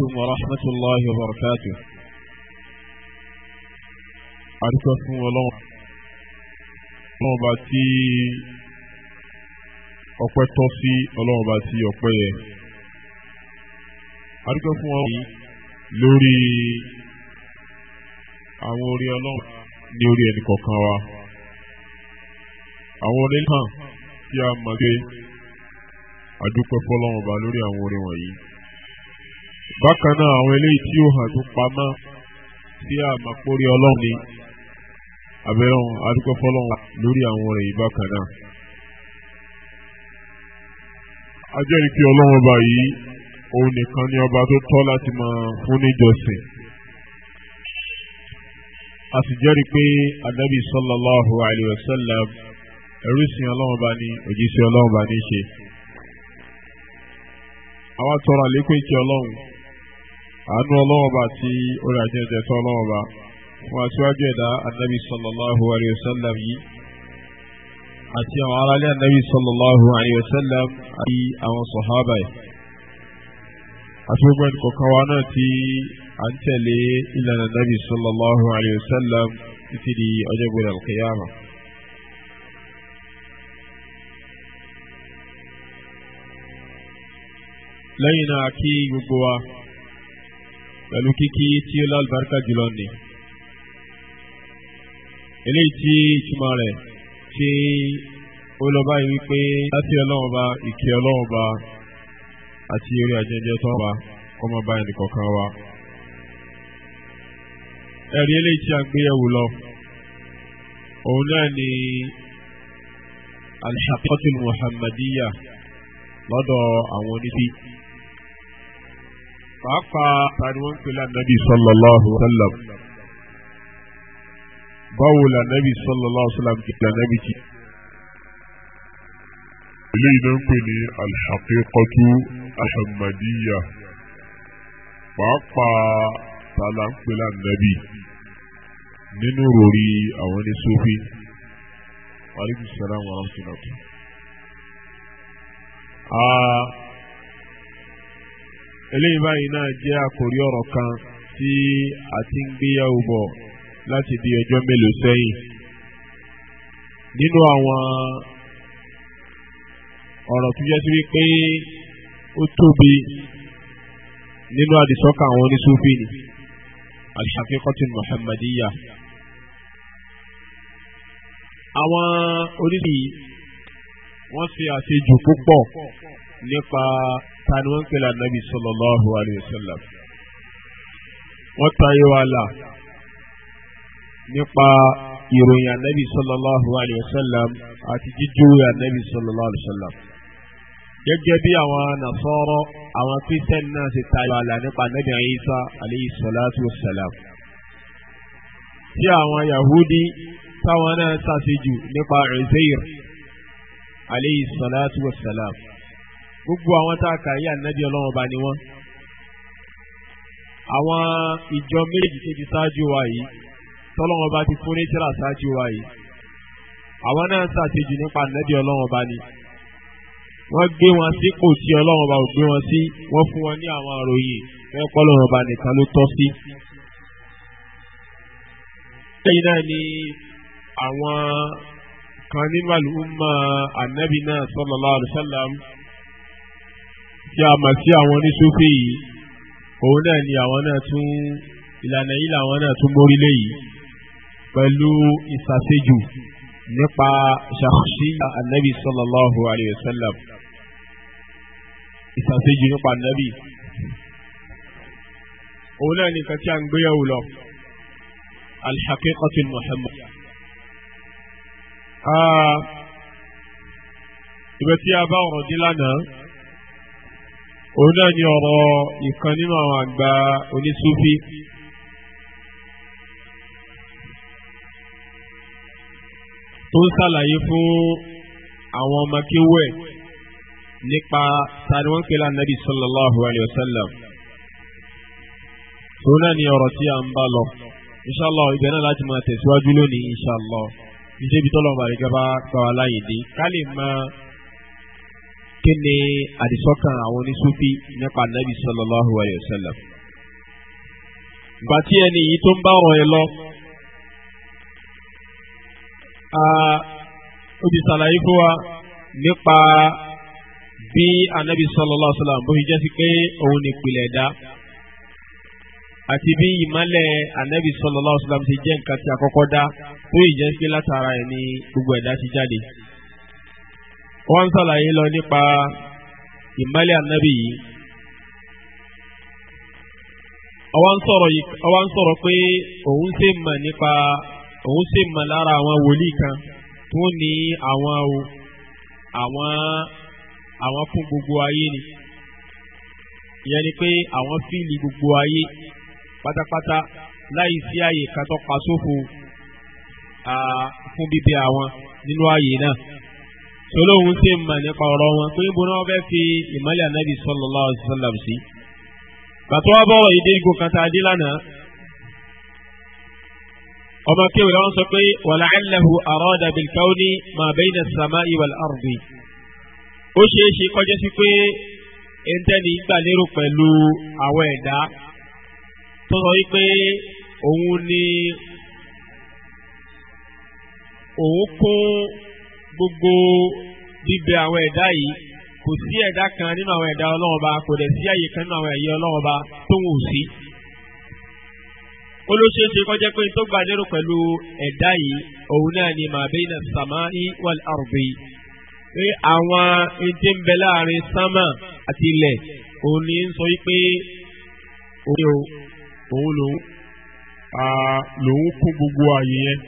عليكم ورحمة الله وبركاته àdúgbò fún ọlọ́run ọlọ́run ọba tí ọpẹ́ tọ́ sí ọlọ́run ọba tí ọpẹ́ yẹ àdúgbò fún ọlọ́run yìí lórí àwọn orí ọlọ́run ní orí ẹnì kọ̀ọ̀kan wa àwọn orí kan tí a mọ̀ pé àdúgbò fún ọba lórí àwọn orí wọ̀nyí. bákan náà àwọn eléyìí tí ó hàn tó pamọ́ sí àmàpórí ọlọ́run ni abẹ́rẹ́ wọn adúgbò fọlọ́run lórí àwọn ọ̀rẹ́ yìí bákan náà. ọlọ́run ọba yìí òun nìkan ni ọba tó tọ́ láti máa fún níjọsìn. a sì jẹ́rìí pé adábì sallallahu alayhi ẹrú ọlọ́run ọba ni òjíṣẹ́ ọlọ́run ọba ní í ṣe. àwa àánú ọlọ́wọ́ba tí ó rà jẹ́ jẹ́tọ́ ọlọ́wọ́ba fún aṣíwájú ẹ̀dá sallallahu alayhi wa sallam yìí àti àwọn sallallahu alayhi wa sallam àti àwọn sọ̀hábà yìí. àti gbogbo ẹni kọ̀ọ̀kan a ń tẹ̀lé ìlànà sallallahu alayhi wa sallam títí di ọjọ́ gbọdọ̀ alkiyama. lẹ́yìn gbogbo wa. pẹ̀lú kíkí tí ó lálùbáríkà jùlọ ni eléyìí tí ìtumọ̀ rẹ̀ tí ó lọ báyìí wípé láti ọlọ́run ọba ìkẹ́ ọlọ́run ọba àti orí àjẹjẹ tó wà kọ́ mọ́ báyìí nìkọ̀ọ̀kan wa. ẹ̀rí eléyìí tí a gbé yẹ̀wò lọ òun náà ni alṣàkọ́tìlù muhammadiya lọ́dọ̀ àwọn onídìí pàápàá tani wọ́n ń pè lánàbí sallallahu alaihi wasallam báwo lànàbí sallallahu alaihi wasallam ti lànàbí ti. eléyìí náà ń pè ní alhaqiqatu ahamadiya pàápàá tala ń pè lánàbí nínú rori àwọn ní sufi aleykum salaam eléyìí báyìí náà jẹ́ àkórí ọ̀rọ̀ kan tí a ti ń gbéyàwó bọ̀ láti di ọjọ́ mélòó sẹ́yìn nínú àwọn ọ̀rọ̀ tó jẹ́ sí wípé ó tóbi nínú àdìsọ́kà àwọn oníṣúfì ni alṣàfikọ́tì muhammadiya àwọn oníṣúfì wọ́n ṣe àṣejù púpọ̀ nípa mẹ́ta ni wọ́n ń pèlè ànábì sallallahu alayhi wa sallam wọ́n tayé wa là nípa ìròyìn ànábì sallallahu alayhi wa sallam àti jíjúwe ànábì sallallahu alayhi wa sallam gẹ́gẹ́ bí àwọn nasara àwọn kristian náà ti tayé wa là nípa ànábì Isa alayhi salatu wa sallam tí àwọn yahudi táwọn náà sàṣejù nípa Uzair alayhi salatu wa sallam gbogbo àwọn tá a kà yí ànábì ọlọ́run ọba ni wọ́n. àwọn ìjọ méjì tó ti ṣáájú wa yìí tọ́lọ́run ọba ti fún ní tíra ṣáájú wa yìí àwọn náà ṣàṣejù nípa ànábì ọlọ́run ọba ni. wọ́n gbé wọn sípò tí ọlọ́run ọba ò gbé wọn sí wọ́n fún wọn ní àwọn àròyìn fẹ́ pọ́lọ́run ọba nìkan ló tọ́ sí. lẹ́yìn náà ni àwọn kan nínú àlùmọ́ ànábì sallallahu alaihi wasallam tí a mọ̀ sí àwọn oníṣúfì yìí òun náà ni àwọn náà tún ìlànà yìí làwọn náà tún mórílẹ̀ yìí pẹ̀lú ìsàṣejù nípa ṣàkóṣíyà ànábì sallallahu alayhi wa sallam ìsàṣejù nípa ànábì òun náà ni nǹkan tí ń gbéyàwó lọ alhaqiqatul muhammad. Ah, ìbẹ̀ tí a bá ọ̀rọ̀ dín lánàá òun náà ni ọ̀rọ̀ ìkan nínú àwọn àgbà onísúfí tó ń ṣàlàyé fún àwọn ọmọ kéwẹ̀ nípa tani wọ́n ń pè lánàbì sallallahu alayhi wa sallam òun náà ni ọ̀rọ̀ tí a ń bá lọ inshallah ibẹ̀ náà láti máa tẹ̀síwájú lónìí inshallah ìṣèbí tọ́lọ̀ màrígbà bá gbà láyé dé ká lè máa kí ni àdìsọ́kàn àwọn onísúfì nípa nàbì sallallahu alayhi wa sallam. gbàtí ẹni yìí tó ń bá ọ̀rọ̀ yẹn lọ obì sàlàyé fún wa nípa bí anabi sallallahu alaihi wasallam bó fi jẹ́ sí pé òun ní ìpìlẹ̀ ẹ̀dá àti bí ìmọ̀lẹ̀ anabi sallallahu alaihi wasallam ti jẹ́ nǹkan tí a dá tó yìí jẹ́ sí pé látara ẹ̀ gbogbo ẹ̀dá ti jáde wọ́n ń sàlàyé lọ nípa ìmọ́lẹ̀ ànábì yìí ọwọ́n sọ̀rọ̀ pé òun ṣe mọ̀ nípa òun ṣe mọ̀ lára àwọn wòlíì kan tó ní àwọn o àwọn àwọn fún gbogbo ayé ni ìyẹn ni pé àwọn fíìlì gbogbo ayé pátápátá láì sí àyè kan tó pa sófo fún bíbẹ àwọn nínú ààyè náà tolóhun ṣe mà nípa ọ̀rọ̀ wọn pé bó náà fẹ́ fi ìmọ̀lẹ̀ ànábì sallallahu alaihi wasallam sí. bàtọ́ wa bọ̀rọ̀ ìdí igun kan tá a dé lánàá. ọmọ kéwìrì wọn sọ pé wala'allahu arada bilkawni ma bayna as-sama'i wal-ardi. ó ṣeé ṣe kọjá sí pé ẹ̀ńtẹ́ni gbàlérò pẹ̀lú àwọn ẹ̀dá tó sọ wípé òun ni òun kún. gbogbo bíbẹ àwọn ẹ̀dá yìí kò sí ẹ̀dá kan nínú àwọn ẹ̀dá ọlọ́ọ̀ba kò dẹ̀ sí àyè kan nínú àwọn ẹ̀yẹ ọlọ́ọ̀ba tó ń wò sí. olóṣèṣe kọjá pé tó gbà lérò pẹ̀lú ẹ̀dá yìí òun náà ni ma baina samai wal ardi pé àwọn ẹ̀jẹ̀ bẹ láàrin sámà àti ilẹ̀ òun ni ń sọ wípé òun lòun lòun kó gbogbo àyè yẹn.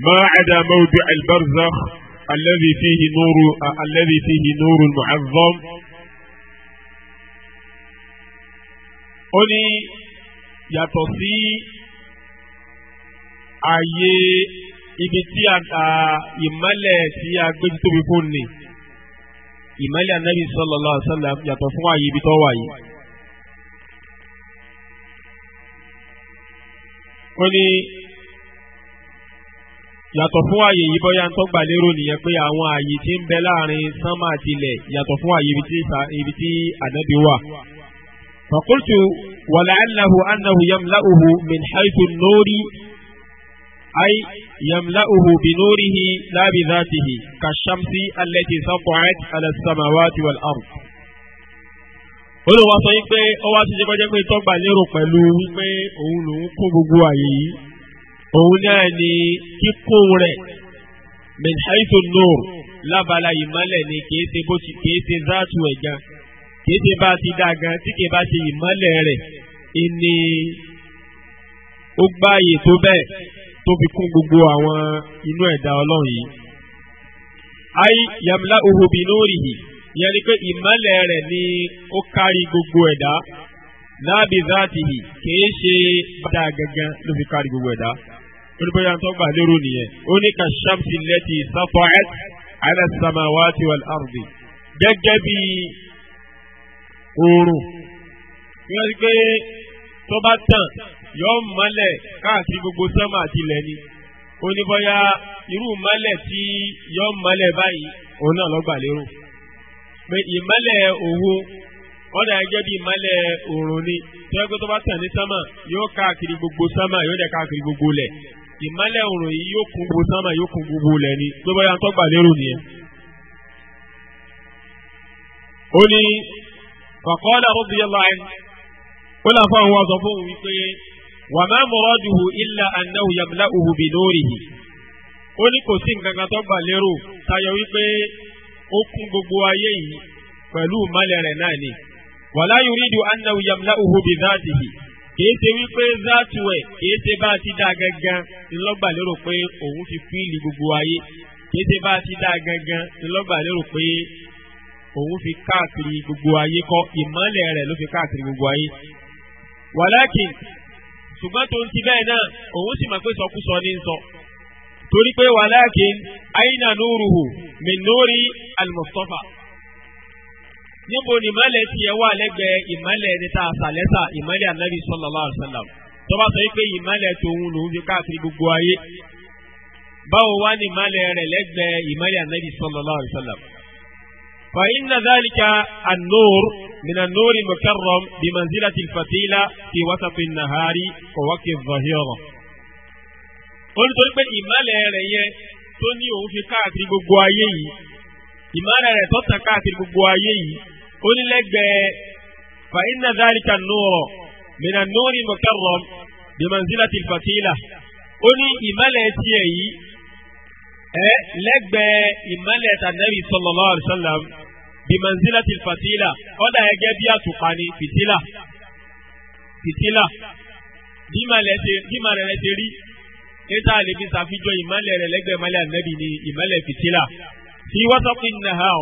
ما عدا موضع البرزخ الذي فيه نور الذي فيه نور معظم ó ní yàtọ̀ sí ààyè ibi tí ìmọ́lẹ̀ tí a gbé tóbi fún ni ìmọ́lẹ̀ anabi sallallahu alaihi wasallam yàtọ̀ fún ààyè ibi tó wà yìí. ó ní yàtọ̀ fún ààyè yìí bọ́yá ń tọ́gbà lérò nìyẹn pé àwọn ààyè tí ń bẹ láàrin sánmà àti ilẹ̀ yàtọ̀ fún ààyè ibi tí ànábì wà. fàkúrtù wàlàálàhù annahu yamla'uhu min haythu nórí ay yamla'uhu bi nórihi lábi dhatihi ka shamsi allati saqa'at ala samawati wal ard. olùwàsọ yìí pé ó wá ti pé tọ́gbà lérò pẹ̀lú wípé òun lòún kó gbogbo ààyè yìí òun náà ni kíkó rẹ̀ min haythu nur lábala ìmọ́lẹ̀ ni kìí ṣe bó ti kìí ṣe záàtù ẹ̀ gan kìí ṣe bá ti dá gan tí kìí bá ṣe ìmọ́lẹ̀ rẹ̀ ìní ó gbáàyè tó bẹ́ẹ̀ tó fi kún gbogbo àwọn inú ẹ̀dá ọlọ́run yìí. ai yamla uhubi nurihi yẹn ni pé ìmọ́lẹ̀ rẹ̀ ni ó kárí gbogbo ẹ̀dá láàbì záàtì yìí kìí ṣe bá dá gangan ló fi kárí gbogbo ẹ̀dá oníbóyá tó gbà lérò nìyẹn ó ní ka ṣamsi lẹ́tì sáfọ́ẹ́t ala samawati wal ardi gẹ́gẹ́ bí oòrùn tí wọ́n ti pé tó bá tàn yọ mọ́lẹ̀ káàkiri gbogbo sánmà àti ilẹ̀ ni oníbóyá irú mọ́lẹ̀ tí yọ mọ́lẹ̀ báyìí òun náà lọ́gbà lérò pé ìmọ́lẹ̀ òwò wọ́n dà gẹ́gẹ́ bí ìmọ́lẹ̀ òòrùn ni tí wọ́n pé tó bá tàn ní sánmà yóò káàkiri gbogbo sánmà yóò dẹ̀ káàkiri gbogbo lẹ̀ ìmọ́lẹ̀ òrùn yìí yóò kún gbogbo sánmà yóò kún gbogbo ilẹ̀ ni tó bá yà ń tọ́gbà lérò nìyẹn. ó ní faqala radiyallahu anhu ó là fún àwọn ọ̀sán fún òun wípé wa ma muraduhu illa annahu yamla'uhu bi nurihi. ó ní kò sí nǹkan kan tọ́gbà lérò tayọ wípé ó kún gbogbo ayé yìí pẹ̀lú ìmọ́lẹ̀ rẹ̀ náà ni wala yuridu annahu yamla'uhu bi dhatihi kìí ṣe wípé zatuwẹ̀ kìí ṣe bá a ti dá gangan ńlọ́gbà lérò pé òun fi fíìlì gbogbo ayé kìí ṣe bá a ti dá gangan ńlọ́gbà lérò pé òun fi káàkiri gbogbo ayé kọ́ ìmọ́lẹ̀ rẹ̀ ló fi káàkiri gbogbo ayé. wàlákìn ṣùgbọ́n tó ń ti bẹ́ẹ̀ náà òun sì mọ̀ pé sọkúsọ ní sọ torí pé wàlákìn àyínà nùrùhù min nùrí al-Mustafa níbo ni ìmọ̀lẹ̀ tiẹ̀ wà lẹ́gbẹ̀ẹ́ ìmọ̀lẹ̀ ẹni tá a sà lẹ́sà ìmọ̀lẹ̀ anabi sallallahu alaihi wasallam tó bá sọ pé ìmọ̀lẹ̀ tòun lòún fi káàkiri gbogbo ayé báwo wá ní ìmọ̀lẹ̀ rẹ̀ lẹ́gbẹ̀ẹ́ ìmọ̀lẹ̀ anabi sallallahu alaihi wasallam. fa inna dhalika an-nur min an-nur al-mukarram bi manzilati al-fatila fi wasati an-nahari wa ìmọ̀lẹ̀ rẹ̀ yẹ tó ní ó ní lẹ́gbẹ̀ẹ́ fa inna dhalika an-nuru min an-nuri mukarram bi manzilati al-fatila ó ní ìmọ̀lẹ̀ tiẹ̀ yìí ẹ lẹ́gbẹ̀ẹ́ ìmọ̀lẹ̀ tànàbí sallallahu alaihi wasallam bi manzilati al-fatila ọ̀dà ẹgẹ́ bí àtùpà ni fìtílà fìtílà bí ti rí níta lè fi ṣàfijọ́ ìmọ̀lẹ̀ rẹ̀ lẹ́gbẹ̀ẹ́ ìmọ̀lẹ̀ ni ìmọ̀lẹ̀ fìtílà fi wasaqin nahar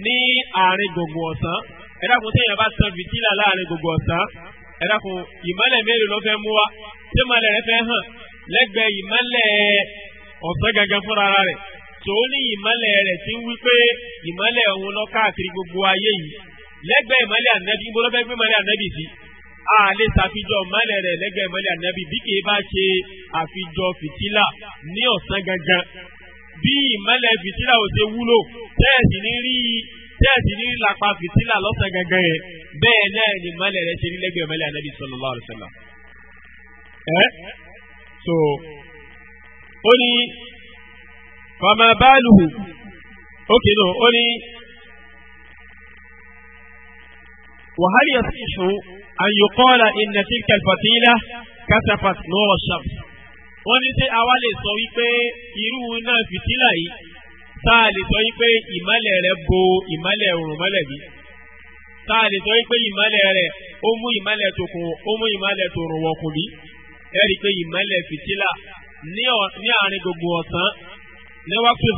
ní àárín gbogbo ọ̀sán ẹ dákun téèyàn bá tan fìtílà láàárín gbogbo ọ̀sán ẹ dákun ìmọ́lẹ̀ mélòó ló fẹ́ mú wa tí ìmọ́lẹ̀ rẹ fẹ́ hàn lẹ́gbẹ̀ẹ́ ìmọ́lẹ̀ ọ̀sán gangan fúnra rẹ̀ tó ní rẹ̀ ti gbogbo ayé yìí lẹ́gbẹ̀ẹ́ gbọ́dọ̀ fẹ́ gbé bí ìmọ́lẹ̀ fìtílà ò ṣe wúlò tẹ́ẹ̀sì ní rí tẹ́ẹ̀sì ní lápá fìtílà lọ́sàn gangan yẹn bẹ́ẹ̀ náà ni ìmọ́lẹ̀ rẹ ṣe ní lẹ́gbẹ̀ẹ́ ìmọ́lẹ̀ anábì sallallahu alaihi wasallam. ẹ so ó ní fama báàlùhù ókè náà ó ní wàhálì ẹ̀sìn ìṣó an yuqala inna tilka al-fatila kasafat wọ́n ní ṣé àwa lè sọ wípé irú náà fìtílà yìí tá a lè sọ wípé ìmọ́lẹ̀ rẹ̀ bo ìmọ́lẹ̀ òrùn mọ́lẹ̀ bí tá a lè sọ wípé ìmọ́lẹ̀ rẹ̀ ó mú ìmọ́lẹ̀ tó kùn ó mú ìmọ́lẹ̀ tó rùn wọ̀kùn bí ẹ rí i pé ìmọ́lẹ̀ fìtílà ní àárín gbogbo ọ̀sán ní wákì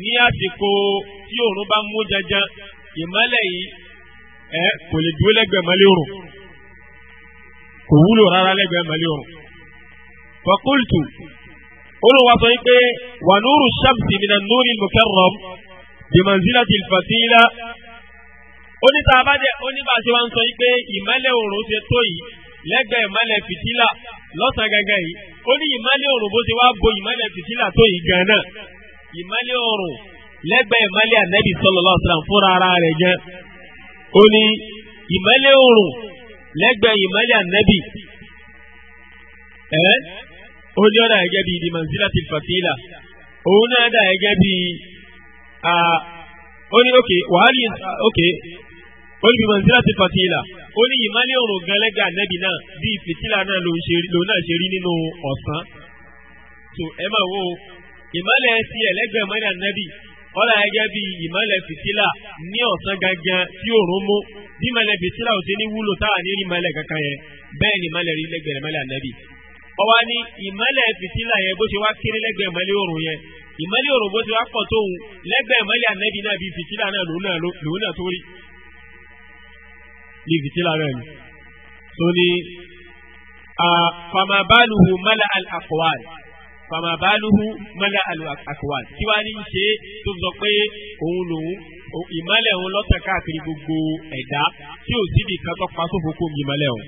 ní àsìkò tí òòrùn bá mú janjan ìmọ́lẹ̀ yìí ẹ kò lè dúró lẹ́gbẹ̀ẹ́ mọ́lẹ̀ òrùn kò wúlò rárá lẹ́gbẹ̀ẹ́ mọ́lẹ̀ òrùn fọkúltù olùwà sọ pé wà núrù sàmsì nínú núrì mukarram bimanzila tìlfàtìlà onítàbàdẹ oníbàṣẹ wa ń sọ pé ìmọ́lẹ̀ òòrùn ṣe tó yìí lẹ́gbẹ̀ẹ́ ìmọ́lẹ̀ fìtílà lọ́sàn gẹ́gẹ́ yìí ó ní ìmọ́lẹ̀ òòrùn bó ṣe wá bo ìmọ́lẹ̀ fìtílà tó yìí gan-an ìmọ́lẹ̀ òòrùn lẹ́gbẹ̀ẹ́ ìmọ́lẹ̀ ànábì sallallahu alaihi wasallam fúnra ara rẹ̀ jẹ́ ó ní ìmọ́lẹ̀ òòrùn lẹ́gbẹ̀ẹ́ ìmọ́lẹ̀ ànábì ẹ́ ó ní ọ̀dà gẹ́gẹ́ bíi di manzilatil fatila òun náà dà gẹ́gẹ́ bíi ó ní òkè wàhálì òkè ó ní bíi manzilatil fatila ó ní ìmálẹ̀ òrùn gẹ́lẹ́gẹ́ ànẹ́bì náà bíi fìtílà náà lòun náà ṣe rí nínú ọ̀sán tó ẹ máa wo ìmálẹ̀ ti ẹ̀lẹ́gbẹ̀ẹ́ mọ́lẹ̀ ànẹ́bì ọ̀dà gẹ́gẹ́ bíi ìmálẹ̀ fìtílà ní ọ̀sán gangan tí òòrùn mú bí ìmálẹ̀ fìtílà ò ṣe ní wúlò táà ní rí ìmálẹ̀ ọwá ní ìmọ́lẹ̀ fìtílà yẹn bó ṣe wá kéré lẹ́gbẹ̀ẹ́ ìmọ́lẹ̀ òrùn yẹn ìmọ́lẹ̀ òrùn bó ṣe wá pọ̀ tóun lẹ́gbẹ̀ẹ́ ìmọ́lẹ̀ ànẹ́bí náà bíi fìtílà náà lòun náà lòun náà tó rí bíi fìtílà náà ni. tó ní famabaluhu mala al-akwal famabaluhu mala al-akwal tí wàá ní ṣe tó sọ pé òun lòun ìmọ́lẹ̀ òun lọ́tàn káàkiri gbogbo ẹ̀dá tí ò síbi kan pa sófo kó òun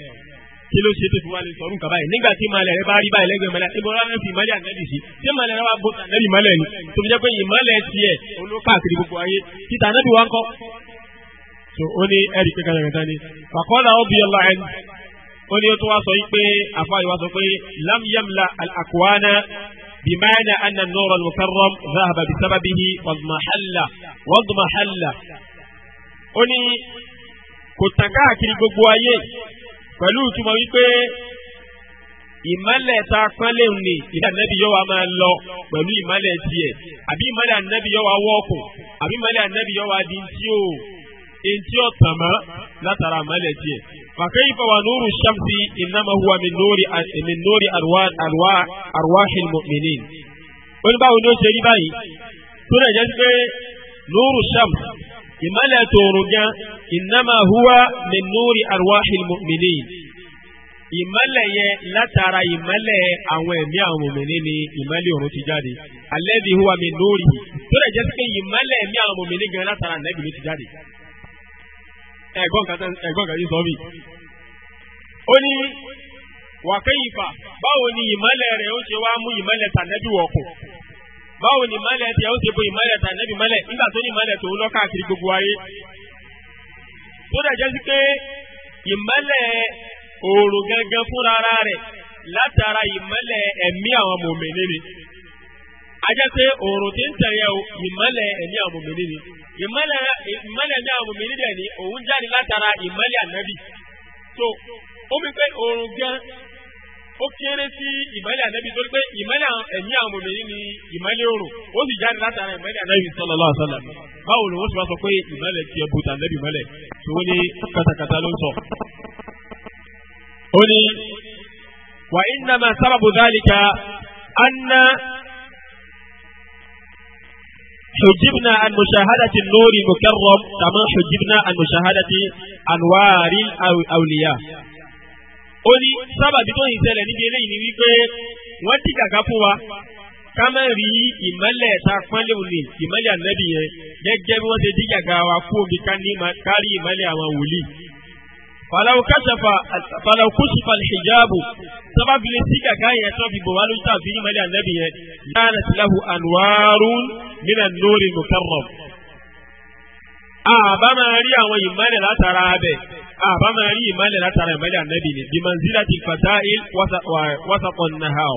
kí ló ṣe tó fi wá lè sọ̀rọ̀ nǹkan báyìí nígbà tí màlẹ̀ rẹ bá rí báyìí lẹ́gbẹ̀ẹ́ màlẹ̀ ibo rárá fi ìmọ̀lẹ̀ ànábì sí tí màlẹ̀ rẹ wá bó ànábì màlẹ̀ ni tó fi jẹ́ pé ìmọ̀lẹ̀ tiẹ̀ olókàkiri gbogbo ayé títà ànábì wa ń kọ́. tó ó ní ẹ̀rí pé kankan kan ní. wàkọ́lá ó bí ọlá ẹni ó ní ó tó wá sọ yí pé àfáàyè wá sọ pé lam yamla al-akwana بمعنى أن النور المكرم ذهب بسببه واضمحل واضمحل ó ní kò tàn káàkiri gbogbo ayé pẹ̀lú ìtumọ̀ wípé ìmọ̀lẹ̀ ta pọ́nlé ń ni ìdá nẹ́bí yóò wá máa lọ pẹ̀lú ìmọ̀lẹ̀ tiẹ̀ àbí ìmọ̀lẹ̀ ànẹ́bí yóò wá wọ́ọ̀kù àbí ìmọ̀lẹ̀ ànẹ́bí yóò wá di tí ó ntí ó tàn mọ́ látara ìmọ̀lẹ̀ tiẹ̀. fàkẹ́yìfẹ́ wa nuru shamsi innama huwa min nuri arwahil mu'minin. ó ní báwo ni ó ṣe rí báyìí tó náà jẹ́ pé nuru shamsi ìmọ́lẹ̀ tòòrùn gan innama huwa min nuri arwahil mu'minin ìmọ́lẹ̀ yẹn látara ìmọ́lẹ̀ àwọn ẹ̀mí àwọn mòmìnì ni ìmọ́lẹ̀ òrùn ti jáde alladhi huwa min nuri tó lè jẹ́ pé ìmọ́lẹ̀ ẹ̀mí àwọn mòmìnì gan látara ànábì ló ti jáde. ẹ̀gbọ́n kan ti sọ mí. ó ní wa báwo ni ìmọ́lẹ̀ rẹ̀ ó ṣe wá mú ìmọ́lẹ̀ tànẹ́bí wọ̀kùn báwo ni ìmọ̀lẹ̀ tí ẹ ó ṣe bo ìmọ̀lẹ̀ ta nẹ́bí mọ́lẹ̀ nígbà tó ní ìmọ̀lẹ̀ tòun lọ káàkiri gbogbo ayé tó dẹ̀ sí pé ìmọ̀lẹ̀ òòrùn gangan fúnra ara rẹ̀ látara ìmọ̀lẹ̀ ẹ̀mí àwọn mòmìnir ni ajẹ́ pé òòrùn tí ń tẹ̀yẹ ìmọ̀lẹ̀ ẹ̀mí àwọn mòmìnir ni ìmọ̀lẹ̀ ẹ̀mí àwọn mòmìnir dẹ̀ ni òun jáde látara ìmọ̀lẹ̀ ànábì so ó mi pé òòrùn gan ó kéré sí ìmọ́lẹ̀ ànábì torí pé ìmọ́lẹ̀ ẹ̀mí àwọn obìnrin ni ìmọ́lẹ̀ òrùn ó sì jáde látara ìmọ́lẹ̀ ànábì sallallahu alaihi wasallam báwo ni wọ́n ti máa sọ pé ìmọ́lẹ̀ tiẹ̀ bu tànábì mọ́lẹ̀ tó ní katakata ló ń sọ. ó ní wa innama sababu dhalika anna حجبنا عن مشاهدة النور المكرم كما حجبنا عن مشاهدة أنوار الأولياء ó ní sábàbí tó ń ṣẹlẹ̀ níbi eléyìí ni wípé wọ́n ti kàkà fún wa ká má rí ìmọ́lẹ̀ ta pọ́nlé òní ìmọ́lẹ̀ ànábì yẹn gẹ́gẹ́ bí wọ́n ṣe dí kàkà wa kú omi ká ní kárí ìmọ́lẹ̀ àwọn wòlíì. fàlàwù kásàfà fàlàwù kùsùfà hijabu sábàbí lè sí kàkà yẹn tó fi bò wá lóṣù tàbí ìmọ́lẹ̀ ànábì yẹn yára síláhù anwarun nínà nórí mukarram. àbá àwọn ìmọ́lẹ̀ látara bẹ́ẹ̀ àbámọ̀ rí ìmọ̀lẹ̀ látara ìmọ̀lẹ̀ ànábì ni bimanzila ti fata il wasakon nahar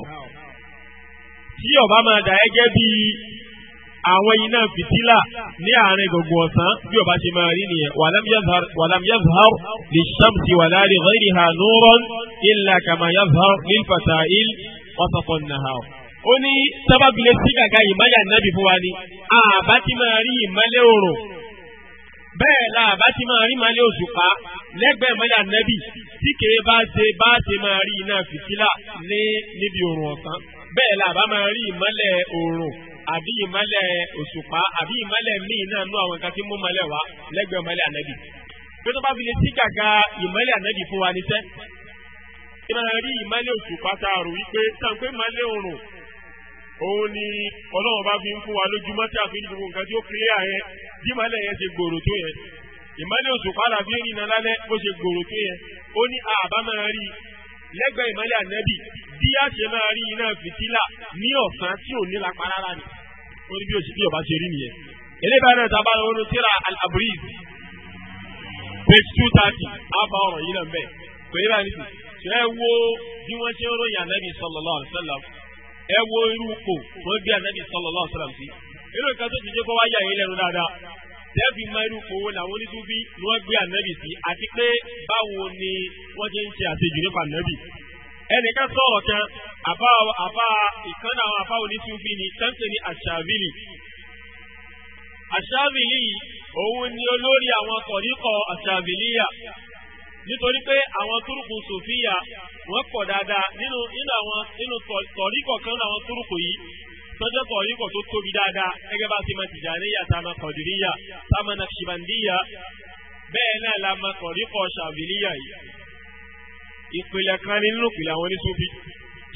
tí ọba máa dà ẹ́gẹ́ bí àwọn iná fìtílà ní àárín gbogbo ọ̀sán bí ọba ṣe máa rí nìyẹn wàlám yazhar lè ṣàmùsí wàlá rí rẹ́rì ha nùrọ̀n ilà kàmá yazhar lil fata il wasakon nahar ó ní sábàbílẹ̀ sí gàgà ìmọ̀lẹ̀ ànábì fún wa ni àbá ti máa rí ìmọ̀lẹ̀ òrùn bẹ́ẹ̀ la bá ti máa rí màálé òṣùpá lẹ́gbẹ̀ẹ́ mọ́lẹ̀ ànẹ́bì tí kèé bá ṣe bá ṣe máa rí iná fìtílà ní níbi òrùn ọ̀sán bẹ́ẹ̀ la bá máa rí ìmọ́lẹ̀ òrùn àbí ìmọ́lẹ̀ òṣùpá àbí ìmọ́lẹ̀ míì náà nú àwọn nǹkan tí mú mọ́lẹ̀ wá lẹ́gbẹ̀ẹ́ mọ́lẹ̀ ànẹ́bì pé tó bá fi lè sí gàgà ìmọ́lẹ̀ ànẹ́bì fún wa níṣẹ́ ìmọ̀ rí ìmọ́lẹ̀ bí ìmọ̀lẹ̀ yẹn ṣe gbòòrò tó yẹ ìmọ̀lẹ̀ òṣùpá làbí ìrìnà lálẹ́ bó ṣe gbòòrò tó yẹ ó ní àbá máa rí lẹ́gbẹ̀ẹ́ ìmọ̀lẹ̀ ànẹ́bì bí a ṣe máa rí iná fìtílà ní ọ̀sán tí ò ní lápá rárá ni ó ní bí òṣìṣẹ́ bí ọba ṣe rí nìyẹn eléyìí báyìí náà tábà lọ́wọ́ ní tíra al-Abriz page two thirty àbá ọ̀rọ̀ yìí náà bẹ́ẹ̀ kò yẹ báyìí nìyí ṣe é wo bí wọ́n ṣe ń ròyìn ànẹ́bì sallallahu alaihi ẹ wo irú kò wọ́n gbé ànẹ́bì sallallahu alaihi sí nínú nǹkan tó ti jẹ́ kó wá yà yín lẹ́nu dáadáa tẹ́ẹ̀fì mẹ́rù owó làwọn onídùúbí ni wọ́n gbé ànábì sí àti pé báwo ni wọ́n ti ń ṣe àṣejù nípa ànábì. ẹnìkan sọ̀rọ̀ kan àbá ìkànnì àwọn àbá onídùúbí ni tẹ́ǹtẹ̀ ní àṣàbílì. àṣàbílì yìí òun ni olórí àwọn kọ̀ríkọ̀ àṣàbílìyà nítorí pé àwọn túrùkù sòfíyà wọ́n pọ̀ dáadáa nínú àwọn nínú kọ̀ríkọ̀ kan náà àwọn túrùkù yìí sọ́jọ́ kọ̀ yíkọ̀ tó tóbi dáadáa gẹ́gẹ́ bá ti máa tìjàníyà tá a máa kọ̀dìríyà tá a máa nàkṣìbàndíyà bẹ́ẹ̀ náà la máa kọ̀ríkọ̀ ṣàbílíyà yìí ìpìlẹ̀ kan ní nínú ìpìlẹ̀ àwọn oníṣòbí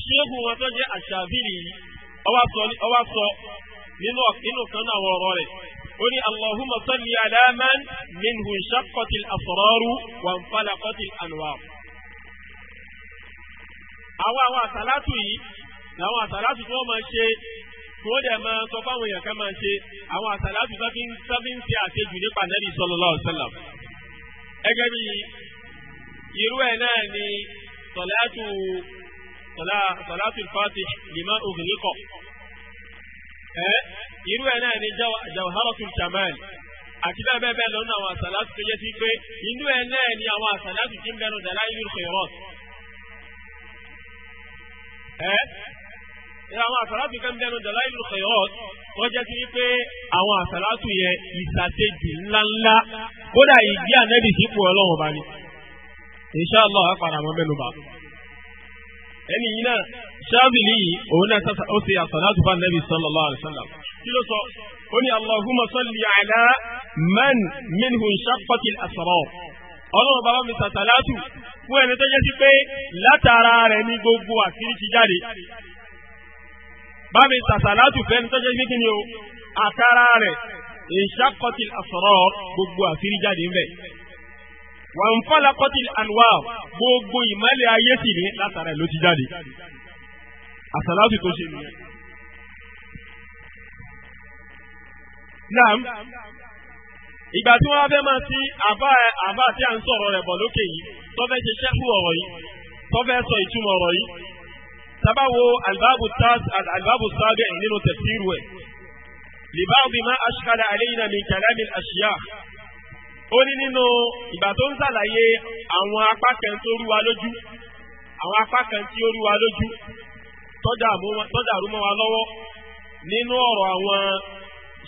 ṣéègùn wọn tó jẹ́ àṣàbílì yìí ọwá sọ nínú nínú kan náà àwọn ọ̀rọ̀ rẹ̀ ó ní allahumma salli ala man minhu shaqqatil asraru wa àwọn àwọn àsàlátù yìí làwọn àsàlátù tí wọ́n máa ṣe kó dẹ̀ máa sọ fáwọn èèyàn ká máa ṣe àwọn àsàlátù sáfíǹsì àṣejù nípa nẹ́bí sallallahu alaihi wasallam. ẹgẹ́ bí irú ẹ̀ náà ni sọ̀látù sọ̀látù fatih lima ògìlíkọ̀ ẹ́ irú ẹ̀ náà ni jawharatul kamal àti bẹ́ẹ̀ bẹ́ẹ̀ bẹ́ẹ̀ lọ́nà àwọn àsàlátù tó yẹ sí pé inú ẹ̀ náà ni àwọn àsàlátù ti ń ìrà àwọn àsàlátù kan bẹnu dalailul khairat wọ́n jẹ́ sí wípé àwọn àsàlátù yẹn ìsàtẹ́jù ńláńlá kódà ìgbé ànẹ́bì sípò ọlọ́run bá ní. insha Allah àpàdà mọ́ mẹ́nu bá. ẹni yìí náà Ṣábìlì yìí òun náà ó ṣe àsàlátù bá ànẹ́bì sallallahu alaihi wasallam. kí ló sọ ó ní Allahumma salli ala man minhu shaqqatil asrar ọlọ́run bàbá mi sàtàlátù fún ẹni tó jẹ́ sí pé látara rẹ̀ ní gbogbo àṣírí ti jáde bábi sàṣàlátù fẹ́ni tó jẹ́ sí kíni o àtàrà rẹ̀ ìṣàkọ́tì àsọ̀rọ̀ gbogbo àṣírí jáde ń bẹ̀. wà ń fọ́lá kọ́tì àlùwà gbogbo ìmọ̀lẹ̀ ayé sì ní látara ló ti jáde. àsàlátù tó ṣe nìyẹn. naam ìgbà tí wọ́n fẹ́ máa ti àbá àbá tí à ń sọ̀rọ̀ rẹ̀ bọ̀ lókè yìí tó ṣe ṣẹ́kù ọ̀rọ̀ yìí tó sọ ìtumọ̀ ọ̀rọ̀ yìí tábà wo alibabu sábẹ nínú tẹsíru ẹ libaabi ma aṣkala aleyna min kalami aṣiya ó ní nínú ìgbà tó ń sàlàyé àwọn apá kan tó rú wa lójú àwọn apá kan tí ó rú wa lójú tọ́jà rú mọ́ wa lọ́wọ́ nínú ọ̀rọ̀ àwọn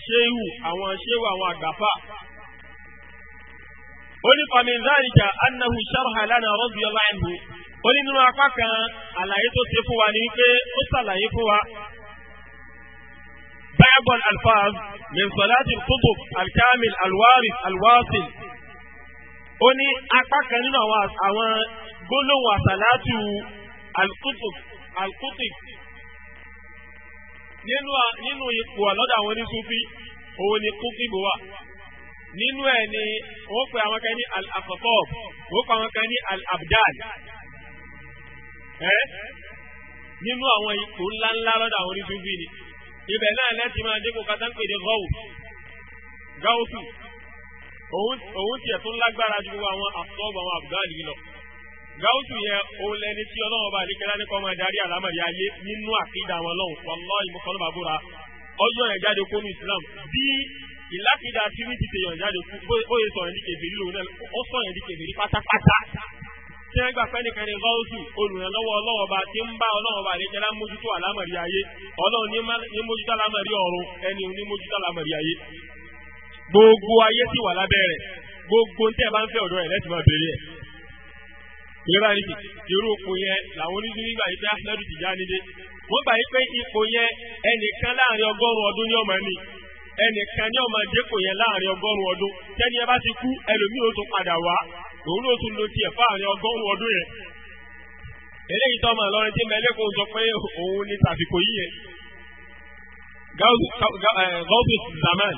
ṣéhù àwọn ṣéhù àwọn àgbàfà ó famin dhalika annahu sharha lana radiyallahu anhu ó ní nínú apá kan àlàyé tó ṣe fún wa ni wípé ó ṣàlàyé fún wa báyàbọ̀n alfaz min salati kutub alkamil alwaris alwasil ó ní apá kan nínú àwọn gbólóhùn àsàlátù alkutub alkutub nínú ipò àlọ́dà àwọn oníṣúfí òun ni kúkìbù wà nínú ẹ̀ ni wọ́n pe àwọn kan ní al-afọ́fọ́ wọ́n pe àwọn kan ní al-abdal ẹ́ nínú àwọn ipò ńláńlá lọ́dọ̀ àwọn onífífí ni ibẹ̀ náà lẹ́tì máa dé kó kátà ń pè ní gọ́wù gáwùsù òun tiẹ̀ tó lágbára ju àwọn àtọ́bù àwọn àbúgáàlì lọ gáwùsù yẹn òun lẹni tí ọlọ́run bá nípẹ́ láníkọ́ máa darí àlámọ̀rí ayé nínú àkídà àwọn ọlọ́run wallahi ìmọ̀kànlọ́bà búra ọjọ́ yẹn jáde kó ní Islam bí ìlákìdá tí ní ti tèèyàn jáde kó ó yẹ sọ̀rọ̀ ní kèfèrí lòun náà ó sọ̀rọ̀ ní kèfèrí pátápátá tí wọ́n gbà pé nìkan ní gọ́ọ̀sù olùrànlọ́wọ́ ọlọ́wọ́ bá ti ń bá ọlọ́wọ́ bá àlejò lámójútó àlámọ̀rí ayé ọlọ́run ní mójútó àlámọ̀rí ọ̀run ẹni ní mójútó ayé gbogbo ayé sì wà lábẹ́ rẹ̀ gbogbo ń bá ń fẹ́ ọ̀dọ́ rẹ̀ máa ẹ̀ ìrora irú ipò yẹn làwọn gbà ahmed wọ́n gbà ipò yẹn ẹnìkan láàrin ọgọ́rùn-ún ọdún ní òun ló tún lo tiẹ̀ fáàrin ọgọ́rùn-ún ọdún yẹn eléyìí ma ìlọrin tí mẹ́lẹ́kùn sọ pé òun ní tàfikò yìí yẹn gọ́ọ̀dù zaman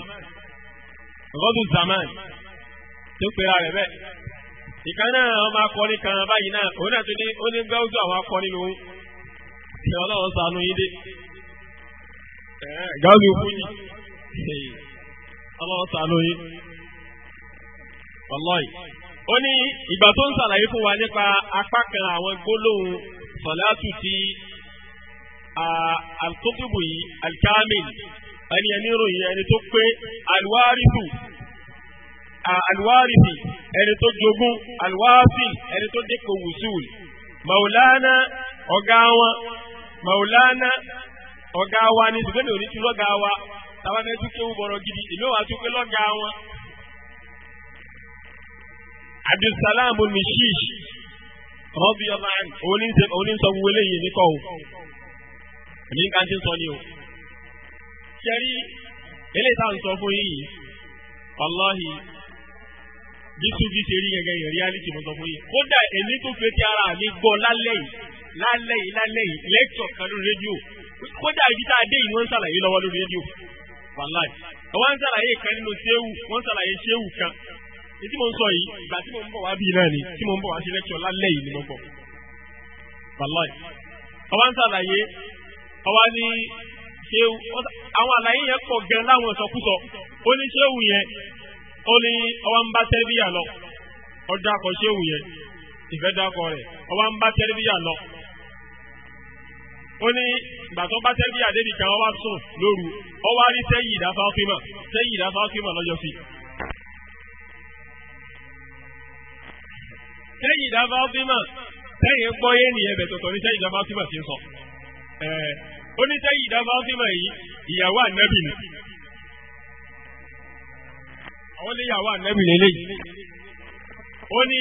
gọ́ọ̀dù zaman tó pera rẹ̀ bẹ́ẹ̀ ìkan náà ọmọ akọni kan báyìí náà òun náà tún ní ó ní gọ́ọ̀dù àwọn akọni lòun ṣe ọlọ́run ṣàánú yín dé ọlọ́run ó ní ìgbà tó ń sàlàyé fún wa nípa apá kan àwọn gbólóhùn sọ̀láàtù ti alkutubu yìí alkamil ẹni ẹni ròyìn ẹni tó pé alwarisu alwarisi ẹni tó jogún alwasi ẹni tó dẹ́kọ̀ wùsùl maulana ọ̀gá wọn maulana ọ̀gá wa ni ṣùgbọ́n mi ò ní tún lọ́gá wa tàbá fẹ́ tún kéwù bọ̀rọ̀ gidi ìlú wa tún pé lọ́gá wọn abdulsalam mishish rọ́bì ọba oníṣẹ́ wọlé yìí níkọ́ o èmi nǹkan ti ń sọ ni o ṣẹ́rí eléyìí tá à ń sọ fún yìí wàláhì jésù bí ṣe rí gẹ́gẹ́ yẹn reality mo sọ fún yìí kódà èmi tún fẹ́ ti ara mi gbọ́ lálẹ́ yìí lálẹ́ yìí lálẹ́ yìí lẹ́kítọ̀ kan lórí rédíò kódà ibi tá a dé yìí wọ́n ń ṣàlàyé lọ́wọ́ lórí rédíò wàláhì wọ́n ń ṣàlàyé kan nínú séwù wọ́n ń ṣàlàyé séwù kan ètí mo ń sọ yìí ìgbà tí mo ń bọ̀ wá bíi náà ni tí mo ń bọ̀ wá sí lẹ́kṣọ̀ lálẹ́ yìí ni mo bọ̀ wàláì ọwọ́ ń sàlàyé ọwọ́ ní ṣéwù àwọn àlàyé yẹn pọ̀ gan láwọn ìsọkúsọ ó ní ṣéwù yẹn ó ní ọwọ́ ń bá tẹ́lifíà lọ ọjọ́ akọ ṣéwù yẹn ìfẹ́ dákọ rẹ̀ ọwọ́ ń bá tẹ́lifíà lọ ó ní ìgbà tó bá tẹ́lifíà débi kan ọwọ́ sùn lóru ọwọ́ rí sẹ́yìn ìdáfáfímọ̀ sẹ́yìn ìdáfáfímọ̀ lọ́jọ́ sí sẹ́yìn ìdáfà ọ́fíìmà sẹ́yìn ń gbọ́yé nìyẹn bẹ̀ tọ̀tọ̀ ní sẹ́yìn ìdáfà ọ́fíìmà ti ń sọ. ó ní sẹ́yìn ìdáfà ọ́fíìmà yìí ìyàwó ànábì ni. àwọn lè yàwó ànábì lélẹ́yìí. ó ní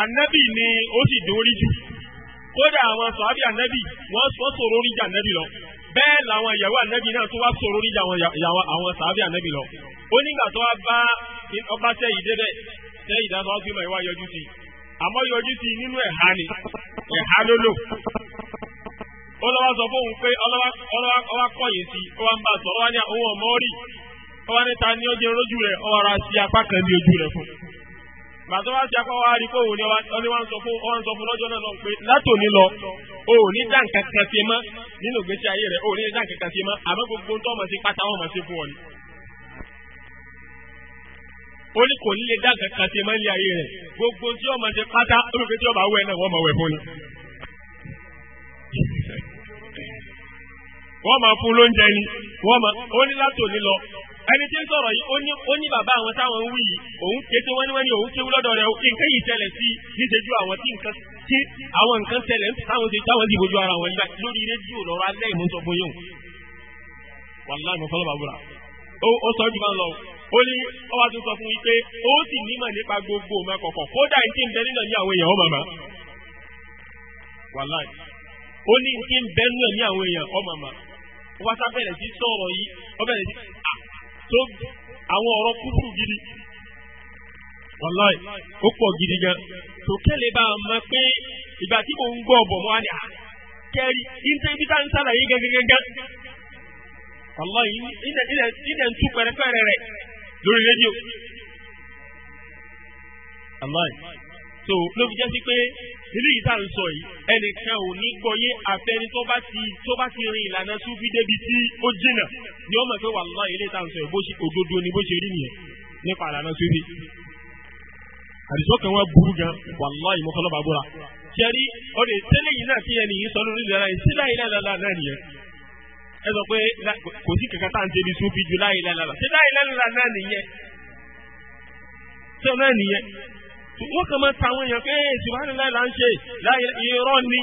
ànábì ni ó sì dórí jù kódà àwọn sàábì ànábì wọ́n sọ sọ̀rọ̀ oríjà ànábì lọ bẹ́ẹ̀ làwọn ìyàwó ànábì náà tó wá sọ̀rọ̀ oríjà àwọn sàábì ànábì lọ ó nígbà tó wá bá ọbaṣẹ́ yìí débẹ̀ tẹ́ ìdáná ọdún ìwà yọjú sí àmọ́ yọjú sí nínú ẹ̀há ni ẹ̀há ló lò ó lọ́wọ́ sọ fóun pé ọlọ́wọ́ kọ̀yìn sí ó wá ń bá sọ ní ohun ọmọ rí ó wá níta ní ojú rẹ̀ ó sí apá kan ní ojú rẹ̀ fún bàtọ́ wá sí apá wa rí pé òun ni wọ́n sọ fún wọ́n sọ fún lọ́jọ́ náà lọ pé látòní lọ òun ní dá nǹkan kan ṣe mọ́ nínú ìgbésí ayé rẹ̀ òun ní dá ó ní kò ní lè dá nǹkan kan ṣe máa ń lé ayé rẹ̀ gbogbo tí ọmọ ṣe pátá olùkọ́ tí ọba wẹ̀ náà wọ́n máa wẹ̀ fún ni. wọ́n máa fún lóúnjẹ ni wọ́n máa ó ní látòní lọ ẹni tí ń sọ̀rọ̀ yìí ó ní bàbá àwọn táwọn ń wí yìí òun kété wọ́n ní wọ́n ní òun kéwú lọ́dọ̀ rẹ̀ kí nǹkan yìí tẹ̀lẹ̀ sí níṣẹ́jú àwọn tí nǹkan tí àwọn nǹkan tẹ̀lẹ̀ táwọn ti táwọn ti bójú ara wọn yá lórí rédíò lọ́rọ̀ alẹ́ ìmúṣọ bóyá òun. wàláhì mo fọlọ́ bàbúrà ó sọ ju bá ń lọ ó ní ọwọ́ tó sọ fún ike ó sì nímọ̀ nípa gbogbo ọmọ kọ̀ọ̀kọ̀ kódà ní ń bẹ nínú ní àwọn èèyàn ọmọ màmá wàláì ó ní tí ń bẹ nínú ní àwọn èèyàn ọmọ màmá wọ́n sá bẹ̀rẹ̀ sí sọ̀rọ̀ yìí ó bẹ̀rẹ̀ sí tó àwọn ọ̀rọ̀ kúkúrú gidi wàláì ó pọ̀ gidi gan tó kẹ́lẹ́ bá a mọ̀ pé ìgbà tí mò ń gbọ́ ọ̀bọ̀ mọ́ àná kẹ́rì ní lórí rédíò amáì so ló fi jẹ́ sí pé ilé yìí tá à ń sọ yìí ẹnìkan ò ní gbọ́yé àfẹni tó bá ti tó bá ti rin ìlànà súfì débi tí ó jìnà ni ó mọ̀ pé wàláhì ilé tá à ń sọ yìí bó ṣe òdodo ni bó ṣe rí nìyẹn nípa ìlànà súfì àdìsọ́ kan wá burú gan wàláhì ìmọ̀kànlọ́ba búra ṣẹ́rí ọ̀rẹ́ tẹ́lẹ̀ yìí náà fi ẹni yìí sọ lórí ìlànà ìsílẹ̀ ìlànà náà nìyẹn ẹ sọ pé kò sí kankan tá à ń débi súnfì ju láyé lẹ́lẹ́lá ṣé láyé lẹ́lẹ́lá náà nìyẹn ṣé náà nìyẹn wọ́n kàn máa ta àwọn èèyàn pé ṣùgbọ́n eh, láyé là ń ṣe láyé irọ́ ni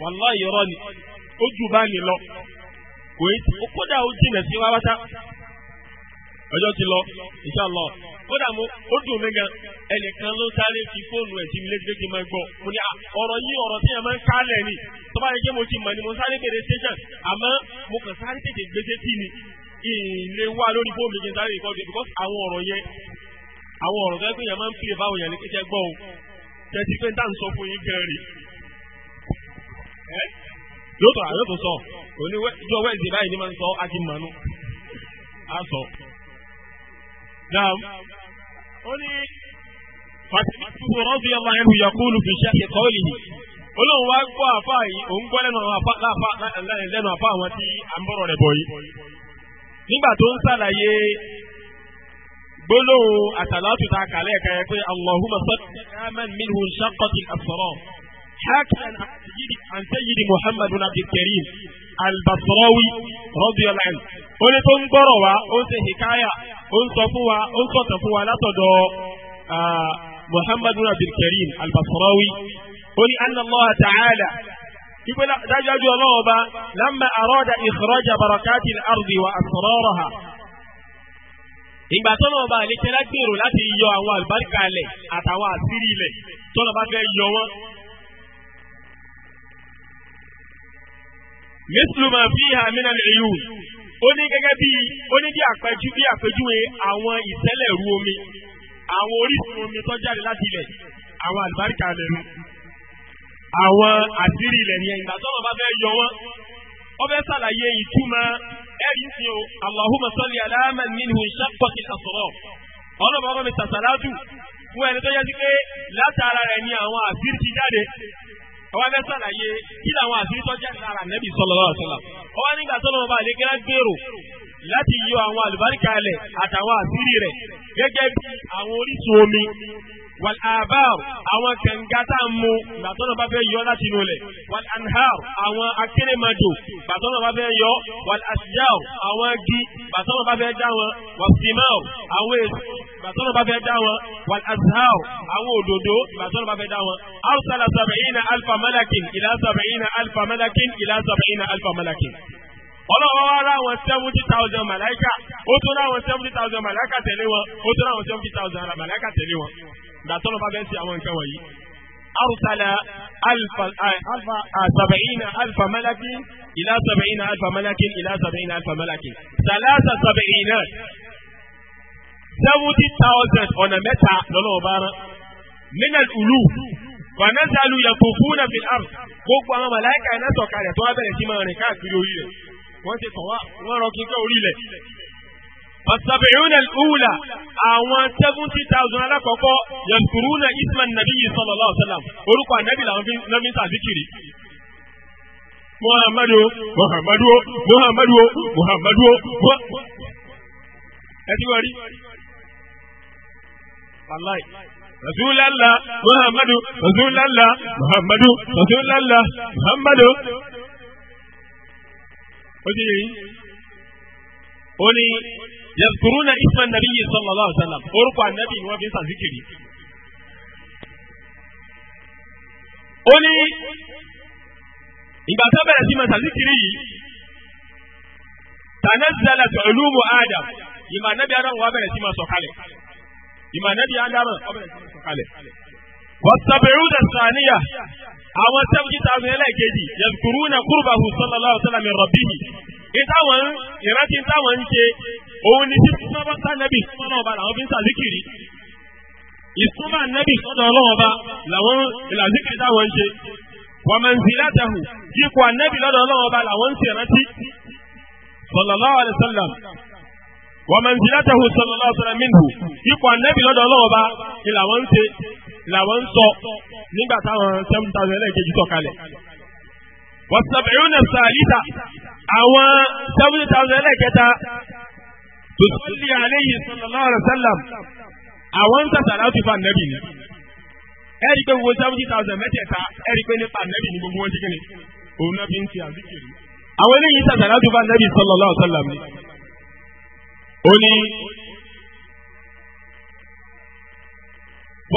wàlá irọ́ ni ó jù bá ní lọ kò é kódà ó jìnà sí wáwátá ọjọ́ ti lọ inshallah kódà mo ó dùn mí gan ẹnìkan ló sáré fi fóònù ẹ̀ sí mi létí pé kí n máa gbọ́ mo ní ọ̀rọ̀ yìí ọ̀rọ̀ tí yẹn máa ń kálẹ̀ ni tó bá yẹ kí mo ti mọ̀ ni mo sáré bèrè station àmọ́ mo kàn sáré tètè gbèsè tì ní ìlé wà lórí fóònù mi kí n sáré ìkọ́jú because àwọn ọ̀rọ̀ yẹn àwọn ọ̀rọ̀ tó yẹ kó yẹn máa ń pè báwọn yẹn lékè gbọ́ o tẹ̀sí pé dáhùn sọ fún yín gan rè é yóò tó sọ ìjọ wẹ́ẹ̀dì báyìí ni máa ń sọ á ti mọ̀ sọ fàtìmíkù rọ́bì ọmọ ẹnu yakulu fi ṣe ìkọ́lì yìí olóhùn wa gbọ́ àfa yìí òun gbọ́ lẹ́nu àfa àwọn tí à ń bọ̀rọ̀ rẹ̀ bọ̀ yìí nígbà tó ń sàlàyé gbólóhùn àtàlátù ta kàlẹ́ kẹ́yẹ pé allahumma sọ́dọ̀ kámẹ́n minhu ṣàkọ́tì àfọ̀rọ̀ hákàn àtẹ̀yìdì muhammadu abdulkareem albasrawi rọ́bì ọmọ ẹnu olè tó ń gbọ́rọ̀ wa ó ń ṣe hikaya ó ń sọ fún wa ó ń sọ̀tàn fún wa látọ̀dọ̀ muhammadu abdul karim albasrawi ó ní anna allah ta'ala ipe dájúdájú ọlọ́wọ́ bá lamma arada ikhraja barakati al-ardi wa asraraha ìgbà tọ́nà ọba àlékẹ́ lágbèrò láti yọ àwọn àlùbáríkà ilẹ̀ àtàwọn àṣírí ilẹ̀ tọ́nà bá fẹ́ yọ wọ́n. mislu ma fiha min al-uyun ó ní gẹ́gẹ́ bí ó ní bí àpẹjú bí àpẹjúwe àwọn ìtẹ́lẹ̀rú omi àwọn orísun omi tó jáde láti ilẹ̀ àwọn àlùbáríkà lẹ́nu àwọn àṣírí ilẹ̀ yẹn ìgbà tọ́lọ̀ bá fẹ́ yọ wọ́n ó fẹ́ sàlàyé ìtumọ̀ ẹ̀rí sí o Allahumma salli ala man minhu shaqqati al-asrar ọlọ́mọ ọmọ mi sàṣàlátù fún ẹni tó yẹ sí pé látara rẹ̀ ni àwọn àṣírí ti jáde ó fẹ́ sàlàyé kí làwọn àṣírí tó jáde lára nẹ́bí sallallahu alaihi wasallam ó wá nígbà tó lọ́wọ́ bá lè kẹ́lá gbèrò láti yọ àwọn àlùbáríkà ilẹ̀ àtàwọn àṣírí rẹ̀ gẹ́gẹ́ bí àwọn orísun omi wàl'àbáw àwọn kànga tá ń mu gbàtọ́nà bá fẹ́ yọ láti inú rẹ̀ wàl'ànháw àwọn akérèmàjò gbàtọ́nà bá fẹ́ yọ wàl'àṣíyáw àwọn igi gbàtọ́nà bá fẹ́ dá wọn wàfìmáw àwọn èso gbàtọ́nà bá fẹ́ dá wọn wàl'àṣíyáw àwọn òdòdó gbàtọ́nà bá fẹ́ dá wọn. arsala sab'ina alfa malakin ila sab'ina alfa malakin ila sab'ina alfa malakin ọlọ́wọ́ wá ráwọn seventy thousand màláìka ó tún ráwọn seventy thousand màláìka tẹ̀lé wọn ó tún ráwọn seventy thousand màláìka tẹ̀lé wọn gbàtọ́nà bá bẹ́ẹ̀ sí àwọn nǹkan wọ̀nyí. arsala alfa sabaina alfa malaki ila sabaina alfa malaki ila sabaina alfa malaki salasa sabaina seventy thousand ọ̀nà mẹ́ta lọ́nà ọba rán minal ulu wanazalu yatufuna fil ard gbogbo àwọn màláìka iná sọ̀kalẹ̀ tó wá bẹ̀rẹ̀ sí máa rìn káàkiri orí rẹ̀ wọ́n ti kọ̀ wá wọ́n rọ kíkẹ́ orí rẹ̀ والسبعون الأولى àwọn seventy thousand alákọ̀ọ́kọ́ yẹ̀kùrúnà isman nabi yìí sallallahu alaihi wasallam orúkọ ànábì làwọn fi ń sàzíkiri. muhammadu muhammadu muhammadu muhammadu ẹ ti wọ́n rí. aláì rasulallah muhammadu rasulallah muhammadu rasulallah muhammadu. ó ti yẹ yín ó ní yẹ̀kùrúnà isma nabiyyi sallallahu alaihi wasallam orúkọ ànábì ni wọ́n fi ń sàzíkiri. ó ní ìgbà tó bẹ̀rẹ̀ sí ma sàzíkiri yìí tanazzalat ulumu adam ìmọ̀ ànábì adam wà bẹ̀rẹ̀ sí ma sọ̀kalẹ̀ ìmọ̀ ànábì adam wà bẹ̀rẹ̀ sí ma sọ̀kalẹ̀. والسبعون الثانية أو سبعة من الأجدي يذكرون قربه صلى الله عليه وسلم من ربه ìtàwọn ìrántí ìtàwọn ń ṣe òun ni títí tí wọ́n bá sá nẹ́bì sọ́nà ọba làwọn fi ń sàzíkìrì ìsúnmọ́ nẹ́bì sọ́nà ọlọ́wọ́n ọba làwọn ìlàzíkìrì táwọn ń ṣe wàmẹ̀nsìlátàhù ipò ànẹ́bì lọ́dọ̀ ọlọ́wọ́n ọba làwọn ń ṣe rántí sallallahu alaihi wasallam wàmẹ̀nsìlátàhù sallallahu alaihi wasallam minhu ipò ànẹ́bì lọ́dọ̀ ọlọ́wọ́n ọba làwọn ń ṣe làwọn ń sọ nígbà táwọn seven thousand ẹlẹ́ẹ̀kejì sọ̀kalẹ̀ wàsàbẹ̀yọ́nà sàlítà àwọn seventy thousand ẹlẹ́kẹta tòṣìlì alayhi sallallahu alaihi wasallam àwọn ń sàṣàlá tó fa nẹ́bì ni ẹ̀rí pé wo seventy thousand mẹ́tẹ̀ẹ̀ta ẹ̀rí pé nípa nẹ́bì ni gbogbo wọn ti kéde òun náà fi ń ti àzíkiri àwọn eléyìí sàṣàlá tó fa nẹ́bì sallallahu alaihi ni.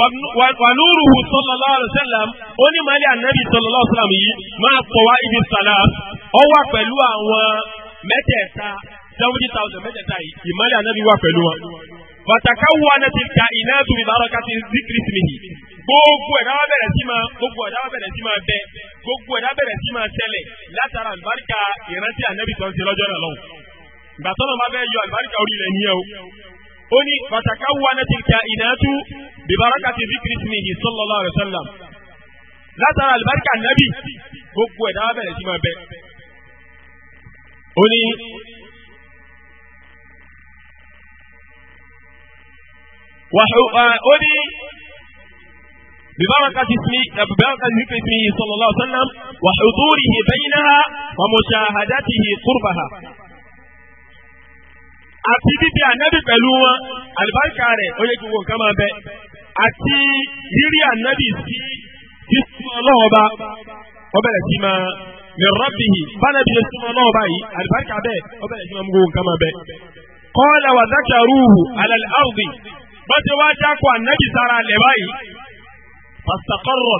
ó ní wàlúùrù sallallahu alaihi wasallam ó ní màálí ànábì sallallahu alaihi yìí máa pọ̀ wá ibi sàlá ọ wà pẹ̀lú àwọn mẹ́tẹ̀ẹ̀ta seventy thousand mẹ́tẹ̀ẹ̀ta yìí ìmọ̀lẹ̀ ànábi wà pẹ̀lú wọn. bàtàkà wà láti ka iná tóbi bàrọ̀ káfí zikiri simihi gbogbo ẹ̀dá wa bẹ̀rẹ̀ sí máa gbogbo ẹ̀dá wa bẹ̀rẹ̀ sí máa bẹ gbogbo ẹ̀dá bẹ̀rẹ̀ sí máa ṣẹlẹ̀ látara àlùbáríkà ìrántí ànábi tó ń ṣe lọ́jọ́ náà lọ́wọ́ gbàtọ́ náà má bẹ́ẹ̀ yọ àlùbáríkà orí rẹ̀ níyẹn o ó ní bàtàkà wà láti ka iná tó bìbára káfí zikiri simihi sallallahu alaihi wasallam látara àlùbáríkà ànábi gbogbo ẹ̀dá wa bẹ̀rẹ̀ sí máa bẹ ó ní ó ní ببركة اسمي ببركة ذكر اسمه صلى الله عليه وسلم وحضوره بينها ومشاهدته قربها àti bíbí ànábì pẹ̀lú wọn àlùbáríkà rẹ̀ ó yẹ kí wọn kàn máa bẹ àti rírí ànábì sí sísun ọlọ́wọ́ bá ó sí máa ní rọ́bìhì bánàbí yẹn súnmọ́ ọlọ́wọ́ báyìí àlùbáríkà bẹ́ẹ̀ ọbẹ̀ yẹn súnmọ́ gbogbo nǹkan máa bẹ́ẹ̀. kọ́lá wà zakaruhu alal ardi bó ti wá jákò ànábì sára alẹ́ báyìí pàṣípàkọ́rọ̀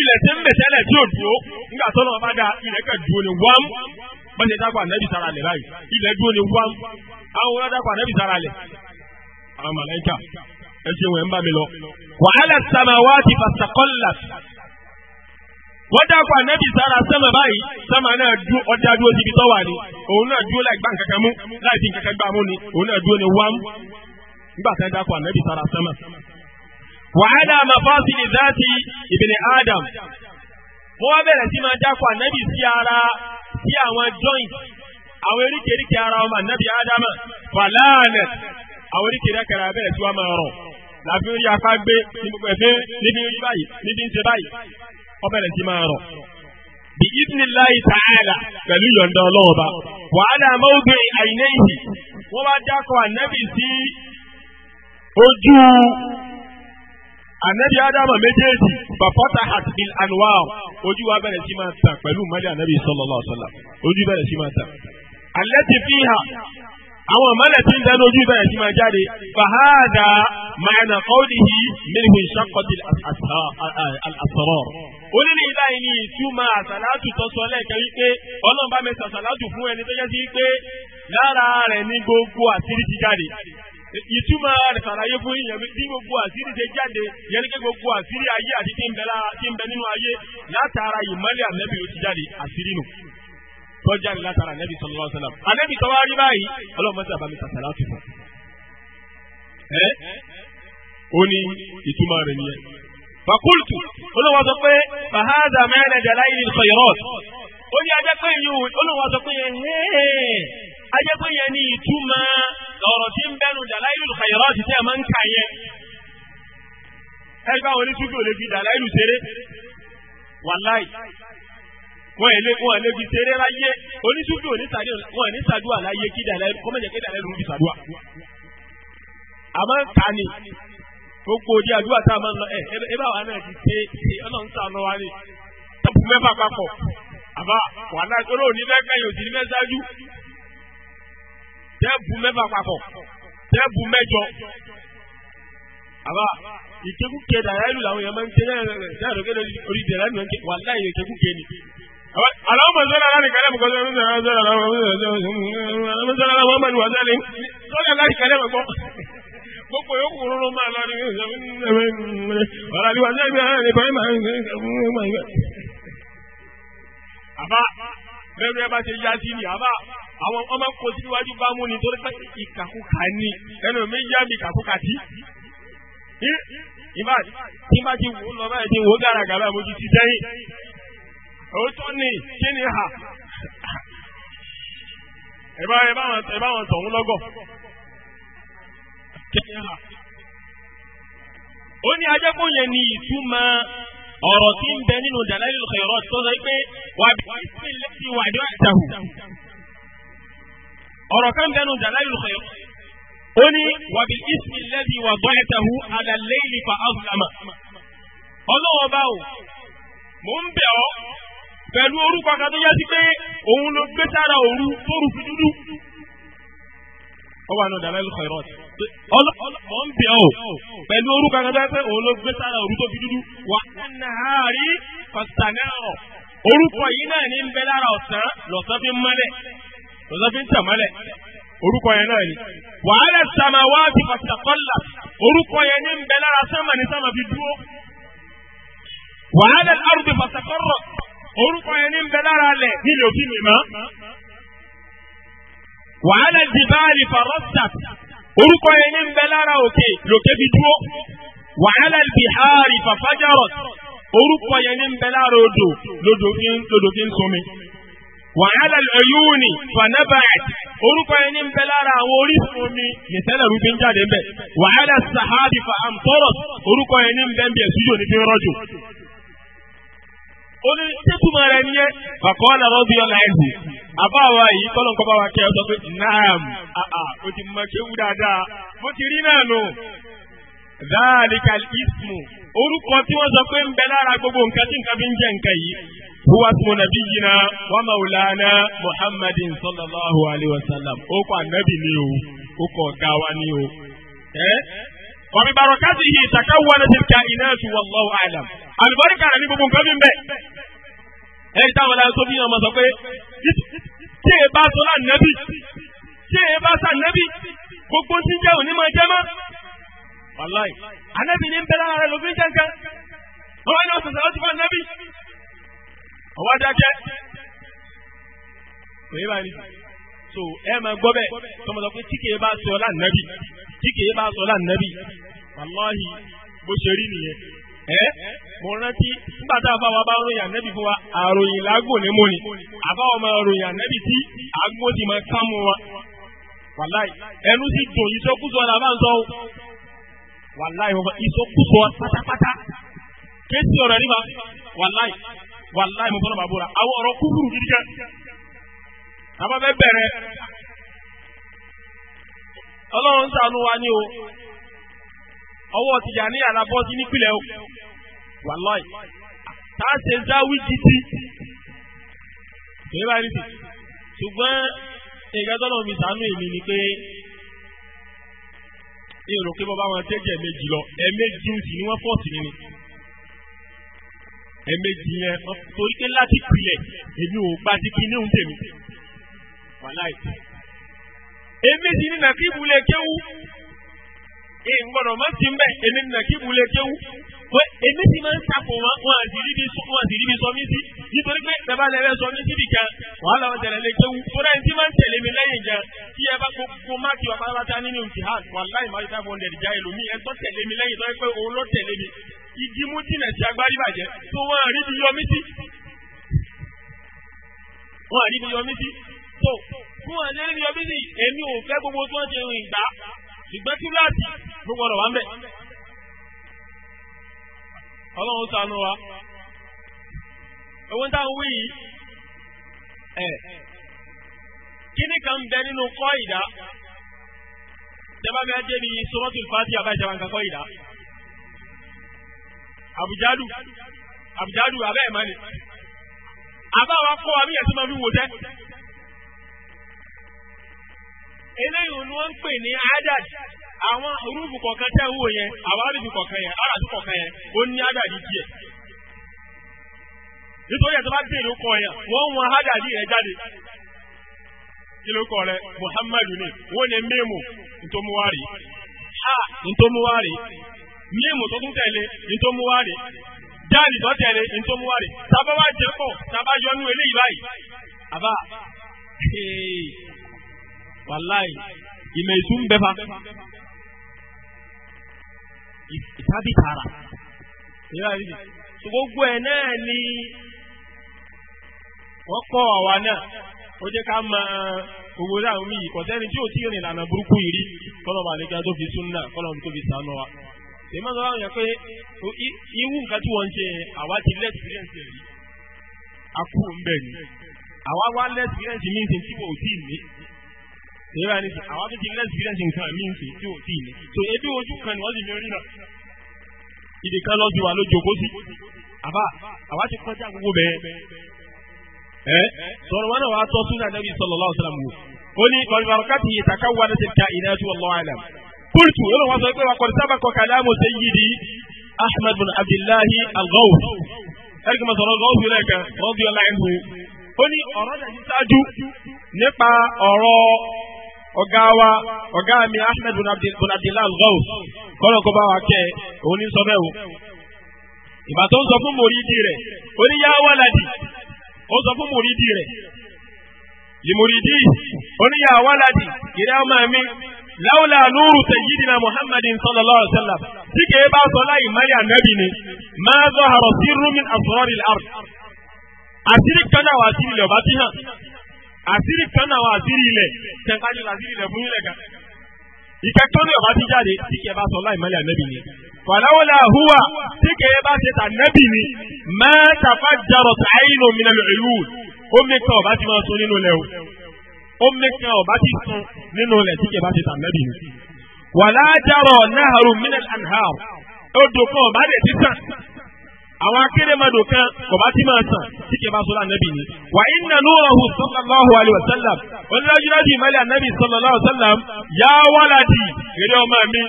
ilẹ̀ tí ń bẹ̀ tẹ́lẹ̀ tí ò dúró nígbà tó lọ́wọ́ bá da ilẹ̀ kẹ́ dúró ni wám bó ti jákò ànábì sára alẹ́ ilẹ̀ dúró ni wám àwọn wọ́n jákò ànábì sára alẹ́ àwọn màláíkà ẹ ṣe mi lọ. wàhálà sàmáwá ti pàṣípàkọ́lá wọ́n dákọ̀ ànábì sára sẹ́mà báyìí sẹ́mà náà dú ọjà dúró síbi tọ́wà ni òun náà dúró láì gbá nǹkankan mú láì fi nǹkankan gbá mú ni òun náà dúró ni wám nígbà tá a dákọ̀ ànábì sára sẹ́mà. wàhálà mafasi lè dáàtì ìbìnrin Adam wọ́n wá bẹ̀rẹ̀ sí máa dákọ̀ ànábì sí ara sí àwọn joint àwọn eríkèéríkèé ara ọmọ ànábì Adam fàlànà àwọn eríkèéríkèé ara bẹ̀rẹ̀ sí wá máa rọ̀ làfi ń rí afá gbé níbi pẹ̀fẹ́ níbi ń rí báyìí níbi ń ṣe báyìí ó bẹ̀rẹ̀ sí máa rọ̀ bí idinilayi ta'ala pẹ̀lú yọ̀ǹda ọlọ́ọ̀ba wàhálà mọ́wùgbé àìníhì wọ́n bá dákọ̀ ànábì sí ojú ànábì ádámà méjèèjì bàfọ́tà àti ànúwà ojú wa bẹ̀rẹ̀ sí máa tàn pẹ̀lú mọ́lẹ̀ ànábì sallallahu ojú bẹ̀rẹ̀ sí máa tàn. alẹ́ fi hà àwọn ìmọ̀lẹ̀ tí ń dẹnu ojú bẹ̀rẹ̀ sí máa jáde fàhádà máa nà kọ́ọ̀dì àṣàrọ̀ onílé ilá yìí ni ìtumọ̀ àsàlátù tọ́sọ lẹ́ẹ̀kẹ́ wípé ọlọ́run bá mi sàsàlátù fún ẹni tó jẹ́ sí wípé lára rẹ̀ ní gbogbo àṣírí ti jáde ìtumọ̀ rẹ̀ sàlàyé fún ìyẹn bí gbogbo àṣírí ṣe jáde yẹn ní kí gbogbo àṣírí ayé àti tí ń bẹ nínú ayé látara ìmọ́lẹ̀ ànẹ́bì ló ti jáde àṣírí nù tó jáde látara ànẹ́bì sallallahu alaihi wasallam ànẹ́bì tó wá rí báyìí ọlọ́run mọ́tà bá mi sàsàlátù fún ẹ́ ó ní ìtumọ̀ rẹ̀ nìyẹn fàkúltù olówó sọ pé fàhádà mẹ́rin ẹ̀dàlá yìí sọ yọ̀rọ̀ ó ní ajẹ́ pé yìí olówó sọ pé hẹ́ẹ̀ ajẹ́ pé yẹn ní ìtumọ̀ ọ̀rọ̀ tí ń bẹ́nu dàlá yìí sọ yọ̀rọ̀ ti tẹ́ ẹ̀ ń kà yẹn ẹgbẹ́ àwọn oníṣúgbò lè fi dàlá yìí ṣeré wàláì wọn ẹ lé wọn ẹ lé fi ṣeré láyé oníṣúgbò wọn ní sàdúà láyé kí dàlá yìí kọ́mọ̀jẹ̀ kí dàlá yìí sàdúà àmọ́ ń gbogbo di àdúrà tá a máa ń lọ ẹ ẹ bá wa náà ti ṣe ṣe ọlọ́run sànù wa ni tọ́pù mẹ́fà papọ̀ àbá wàhálà ìṣòro òní lẹ́kẹ̀yìn òsì ní mẹ́sáájú tẹ́ẹ̀bù mẹ́fà papọ̀ tẹ́ẹ̀bù mẹ́jọ àbá ìkékùké dàrá ìlú làwọn èèyàn máa ń ké náà lókè orí dàrá ìlú ké wà láàyè ìkékùké ni. Àlọ́mọ sọ́dọ̀ aláàrin kálẹ̀ mọ̀ kọ́sọ́ ẹ̀rọ sọ́dọ̀ aláàrin kálẹ̀ mọ̀ kọ́sọ́ ẹ̀rọ sọ́dọ̀ aláàrin kálẹ̀ mọ̀ kọ́sọ́ ẹ̀rọ sọ́dọ̀ aláàrin kálẹ̀ mọ̀ kọ́sọ́ ẹ̀rọ sọ́dọ̀ aláàrin kálẹ̀ mọ̀ kọ́sọ́ ẹ̀rọ sọ́dọ̀ aláàrin kálẹ̀ mọ̀ kọ́sọ́ ẹ̀rọ sọ́dọ̀ aláàrin kálẹ̀ mọ̀ kọ́sọ́ ẹ̀rọ gbogbo yóò kúrò ló máa lọ ní ọ̀rọ̀ àbí wàá sẹ́yìn náà nípa ìmọ̀ ìmọ̀ ìmọ̀. àbá bẹ́ẹ̀ bẹ́ẹ̀ bá ṣe yá sí ni àbá àwọn ọmọ kò síwájú bá mú ni torí pé ìkàkùkà ni ẹnu mi yá mi ìkàkùkà tí. ìbá tí bá ti wò lọ báyìí ti wò gàràgàrà mo ti sẹ́yìn. òótọ́ ni kí ni hà ẹ bá wọn tọ̀hún lọ́gọ̀ kẹ́yìn hà. ó ní ajẹ́kùn yẹn ni ìtumọ̀ ọ̀rọ̀ tí ń bẹ nínú Dalailul Khairat tó sọ pé wà á bí wà á sí ilé tí wà á dé àjàhù. ọ̀rọ̀ kan bẹ nínú Dalailul Khairat ó ní wà bí ismi lẹ́bi wà gbọ́ ẹ̀tàhù alàlẹ́yìn fa azlama. ọlọ́wọ́ bá o mò ń bẹ̀ ọ́ pẹ̀lú orúkọ kan sí pé òun ló gbé sára òru tó rù fi dúdú ọwọ́ àná dàlẹ́ lùkọ̀ ìrọ̀ ọlọ́ọ̀ ń bẹ̀ ọ́ pẹ̀lú orúkọ akẹ́kẹ́ pé òun ló gbé sára òru tó fi dúdú wà á nà á rí pàṣẹ orúkọ yìí náà ní ń bẹ lára ọ̀sán lọ́sán fi ń mọ́lẹ̀ lọ́sán fi ń tẹ̀ mọ́lẹ̀ orúkọ yẹn náà ni wàhálà sàmà wá ti fàṣàkọ́là orúkọ yẹn ní ń sàmà ní sàmà fi dúró wàhálà arúgbó fàṣàkọ́rọ̀ orúkọ yẹn ní ń lẹ̀ nílò òfin wàhálà dìbàlì farasta orúkọ yẹn ní nbẹ lára òkè lòkè fi dúró wàhálà bihari fafajarọ orúkọ yẹn ní nbẹ lára odò lodò fi ń sọmi wàhálà ẹyúni fanabat orúkọ yẹn ní nbẹ lára àwọn orísun omi nìtẹ́lẹ̀ rúbi ń jáde nbẹ wàhálà sahabi fa orúkọ yẹn ní nbẹ nbẹ ní fi ń rọ̀jò rẹ̀ nìyẹn bàkọ́ ọ̀là rọ́bì ọ̀là àbáwa yìí tọ́lọ̀ ń kọ́bá wa kẹ́ ọ sọ pé naam ah, ah, o ti mọ kéwú dáadáa bó ti rí náà nù. dhalika ismu orúkọ tí wọ́n sọ pé ń bẹ lára gbogbo nǹkan tí nǹkan fi ń jẹ́ nǹkan yìí. huwa ismu nabiyyina wa maulana muhammadin sallallahu alayhi wa sallam ó kọ anabi ni o ó kọ ọ̀gá wa ni o. wàmí barakatihi takawwanat alkainatu wallahu a'lam àlùbáríkà rẹ̀ ní gbogbo nǹkan fi ń bẹ ẹ̀rí táwọn ọ̀la tó bí ọmọ sọ pé tí èyí bá sọlá nẹ́bí tí èyí bá sà nẹ́bí gbogbo tí ń jẹ́ òní máa jẹ́ mọ́. wàláì anẹ́bí ní ń bẹ lára rẹ ló fi ń jẹ́ǹkẹ́ wọ́n wá ní ọ̀sán sọ̀rọ̀ ti fún anẹ́bí. ọ̀wá dákẹ́ kò yé báyìí so ẹ máa gbọ́ bẹ́ẹ̀ tọmọ sọ pé tí bá sọlá nẹ́bí tí bá sọlá nẹ́bí wàláì bó ṣe rí nìyẹn ẹ́ mo rántí nígbà tá a bá wa bá ròyìn ànẹ́bí fún wa àròyìn lágbo ní ni àbá máa ròyìn ànẹ́bí tí agbó ti máa ká mu wa wàláì ẹnu sì dùn ìsọkúsọ la bá ń sọ o wàláì ìsọkúsọ pátápátá kéésì ọ̀rọ̀ nípa wàláì wàláì mo fọ́nà bàbúrà àwọn ọ̀rọ̀ kúkúrú gidi àbá o ọwọ́ ní nípìnlẹ̀ o. wàláì tá a ṣe záwí títí kìí báyìí nìyí ṣùgbọ́n ìgbà tó lọ́wọ́ mi sànú èmi ni pé ní ìrò pé bọ́bá wọn tẹ́jẹ̀ méjì lọ ẹ̀ẹ̀mejì sì ni wọ́n fọ́ọ̀sì nínú ẹ̀ẹ̀mejì yẹn torí pé láti pilẹ̀ èmi ò gba ti kí níhùn tèmi wàláì èmi sì ní nàkíbù lè kéwú ìgbọ̀dọ̀ má ti mbẹ́ èmi nà kí wulẹ̀ kéwu pé èmi ti máa ń sàpò wọn wọn àti ríbi sọ wọn àti ríbi sọ mí sí nítorí pé bàbá lẹ́rẹ́ sọ mí síbi kan wàá lọ́wọ́ tẹ̀lé lè kéwu fúnra ẹni tí máa ń tẹ̀lé mi lẹ́yìn gan tí ẹ bá gbogbo máàkì wà pátápátá nínú jihad wàláì máa ń five hundred já ẹlòmíì ẹ tọ́ tẹ̀lé mi lẹ́yìn tó yẹ pé òun ló tẹ̀lé mi igi mú jìnà sí agbárí bàjẹ́ tó wọn àríbi yọ mí sí wọn àríbi yọ mí sí tó fún àjẹ́rìbí yọ mí sí èmi ò fẹ́ gbogbo tí wọ́n ti rìn ṣùgbọ́n tí láti gbogbo ọ̀rọ̀ wà ń bẹ̀. ọlọ́run ṣàánú wa owó tá à ń wí yìí ẹ̀ kíní kan bẹ nínú kọ́ ìdá jẹba bẹ jẹ ní suratul Fatiha àbá ìjọba nǹkan kọ́ ìdá àbújádù àbújádù abẹ́ ẹ̀ mọ́ni àbá wa kọ́ wa bí yẹn ti máa fi wò tẹ́. eléyìí ni wọ́n ń pè ní adad àwọn orúkú kọ̀ọ̀kan tẹ́ wò yẹn àwọn arúkú kọ̀ọ̀kan yẹn aráàlú kọ̀ọ̀kan yẹn ó ní adad díẹ̀ nítorí ẹ̀sọ́ bá dé wọ́n wọn adad yẹn jáde kí ló rẹ muhammadu ni wọ́n ní mímu ntomuwari ha ntomuwari mímu tó tún tẹ̀lé ntomuwari jáde tó tẹ̀lé ntomuwari sábà wàláì ìmọ̀ ètò ń bẹ́fà ìtàbí tààrà gbogbo ẹ̀ náà ni wọ́n kọ́ àwa náà ó jẹ́ ká máa gbogbo láwọn míì kọ̀tẹ́ni tí ò tí ì rìn lànà burúkú yìí rí kọ́lọ́mù àlejò tó fi súnà kọ́lọ́mù tó fi sànù wa èmi àwọn àwọn yẹn pé irú nǹkan tí wọ́n ń ṣe àwa ti lẹ́sìrẹ́ǹsì rí akú ń bẹ̀ ni àwa wá lẹ́sìrẹ́ǹsì ní ìsìn tí kò tí ì ní ìrora ní sìn àwọn àtúntì ilé experience nǹkan mí ń sìn tí ò tí ì ní so ebi ojú kan ni wọ́n sì fi rí náà ìdè kan lọ́ọ́ ti wà lójú òkó sí àbá àwa ti kọjá gbogbo bẹ́ẹ̀ ẹ sọ̀rọ̀ wọn náà wàá tọ́ sunna nabi sallallahu alaihi wasallam ó ní wàlúwàlúkàtì ìtàkà wà ní sèkà ìnáyàtú wallahu alam kultu ó lọ wọn sọ pé wà kọ́ni sábà kọ kàlámù sayyidi ahmed bin abdullahi al-Ghawth ẹ̀rìkì mọ̀ sọ̀rọ̀ ọ̀rọ̀ ọ̀gá wa ọ̀gá mi ahmed bin abdillah al-ghaw kọ́nà kó bá wa kẹ́ ẹ òun ní sọ bẹ́ẹ̀ o. ìgbà tó ń sọ fún mòrídìí rẹ̀ ó ní yá wàlàdì ó sọ fún mòrídìí rẹ̀ lìmòrídìí ó ní yá wàlàdì ìrẹ́ ọmọ mi láwùlà nuru sayyidina muhammadin sallallahu alaihi wa sallam tí kìí bá sọ láì mẹ́rin ànábì ni máa zọ àròsí rúmin àsọ̀rọ̀ àti àṣírí kan náà wà sí ilẹ̀ ọ̀bá ti hàn àṣírí kan náà àṣírí ilẹ̀ tẹ̀ǹkájú àṣírí ilẹ̀ fún ilẹ̀ kan. ìkẹ́ tó ní ọba ti jáde tí kìí bá sọ láì mọ́lẹ̀ ànẹ́bì ni. fàlàwọlà huwa tí kìí bá ṣe tà nẹ́bì ni máa tàfà jarọ̀ tàyínú minal ìlú omi kan ọba ti máa sun nínú ilẹ̀ omi kan ọba ti sun nínú ilẹ̀ tí kìí bá ṣe tà nẹ́bì ni. wàlá jarọ̀ náà àwọn akérèmọdò kan kò bá máa tàn tí kì bá sọ ànábì ni. wà inna nuurahu sallallahu alayhi wa sallam onídàájúdájú ìmọ̀lẹ̀ ànábì sallallahu sallam yá wàládì eré ọmọ mi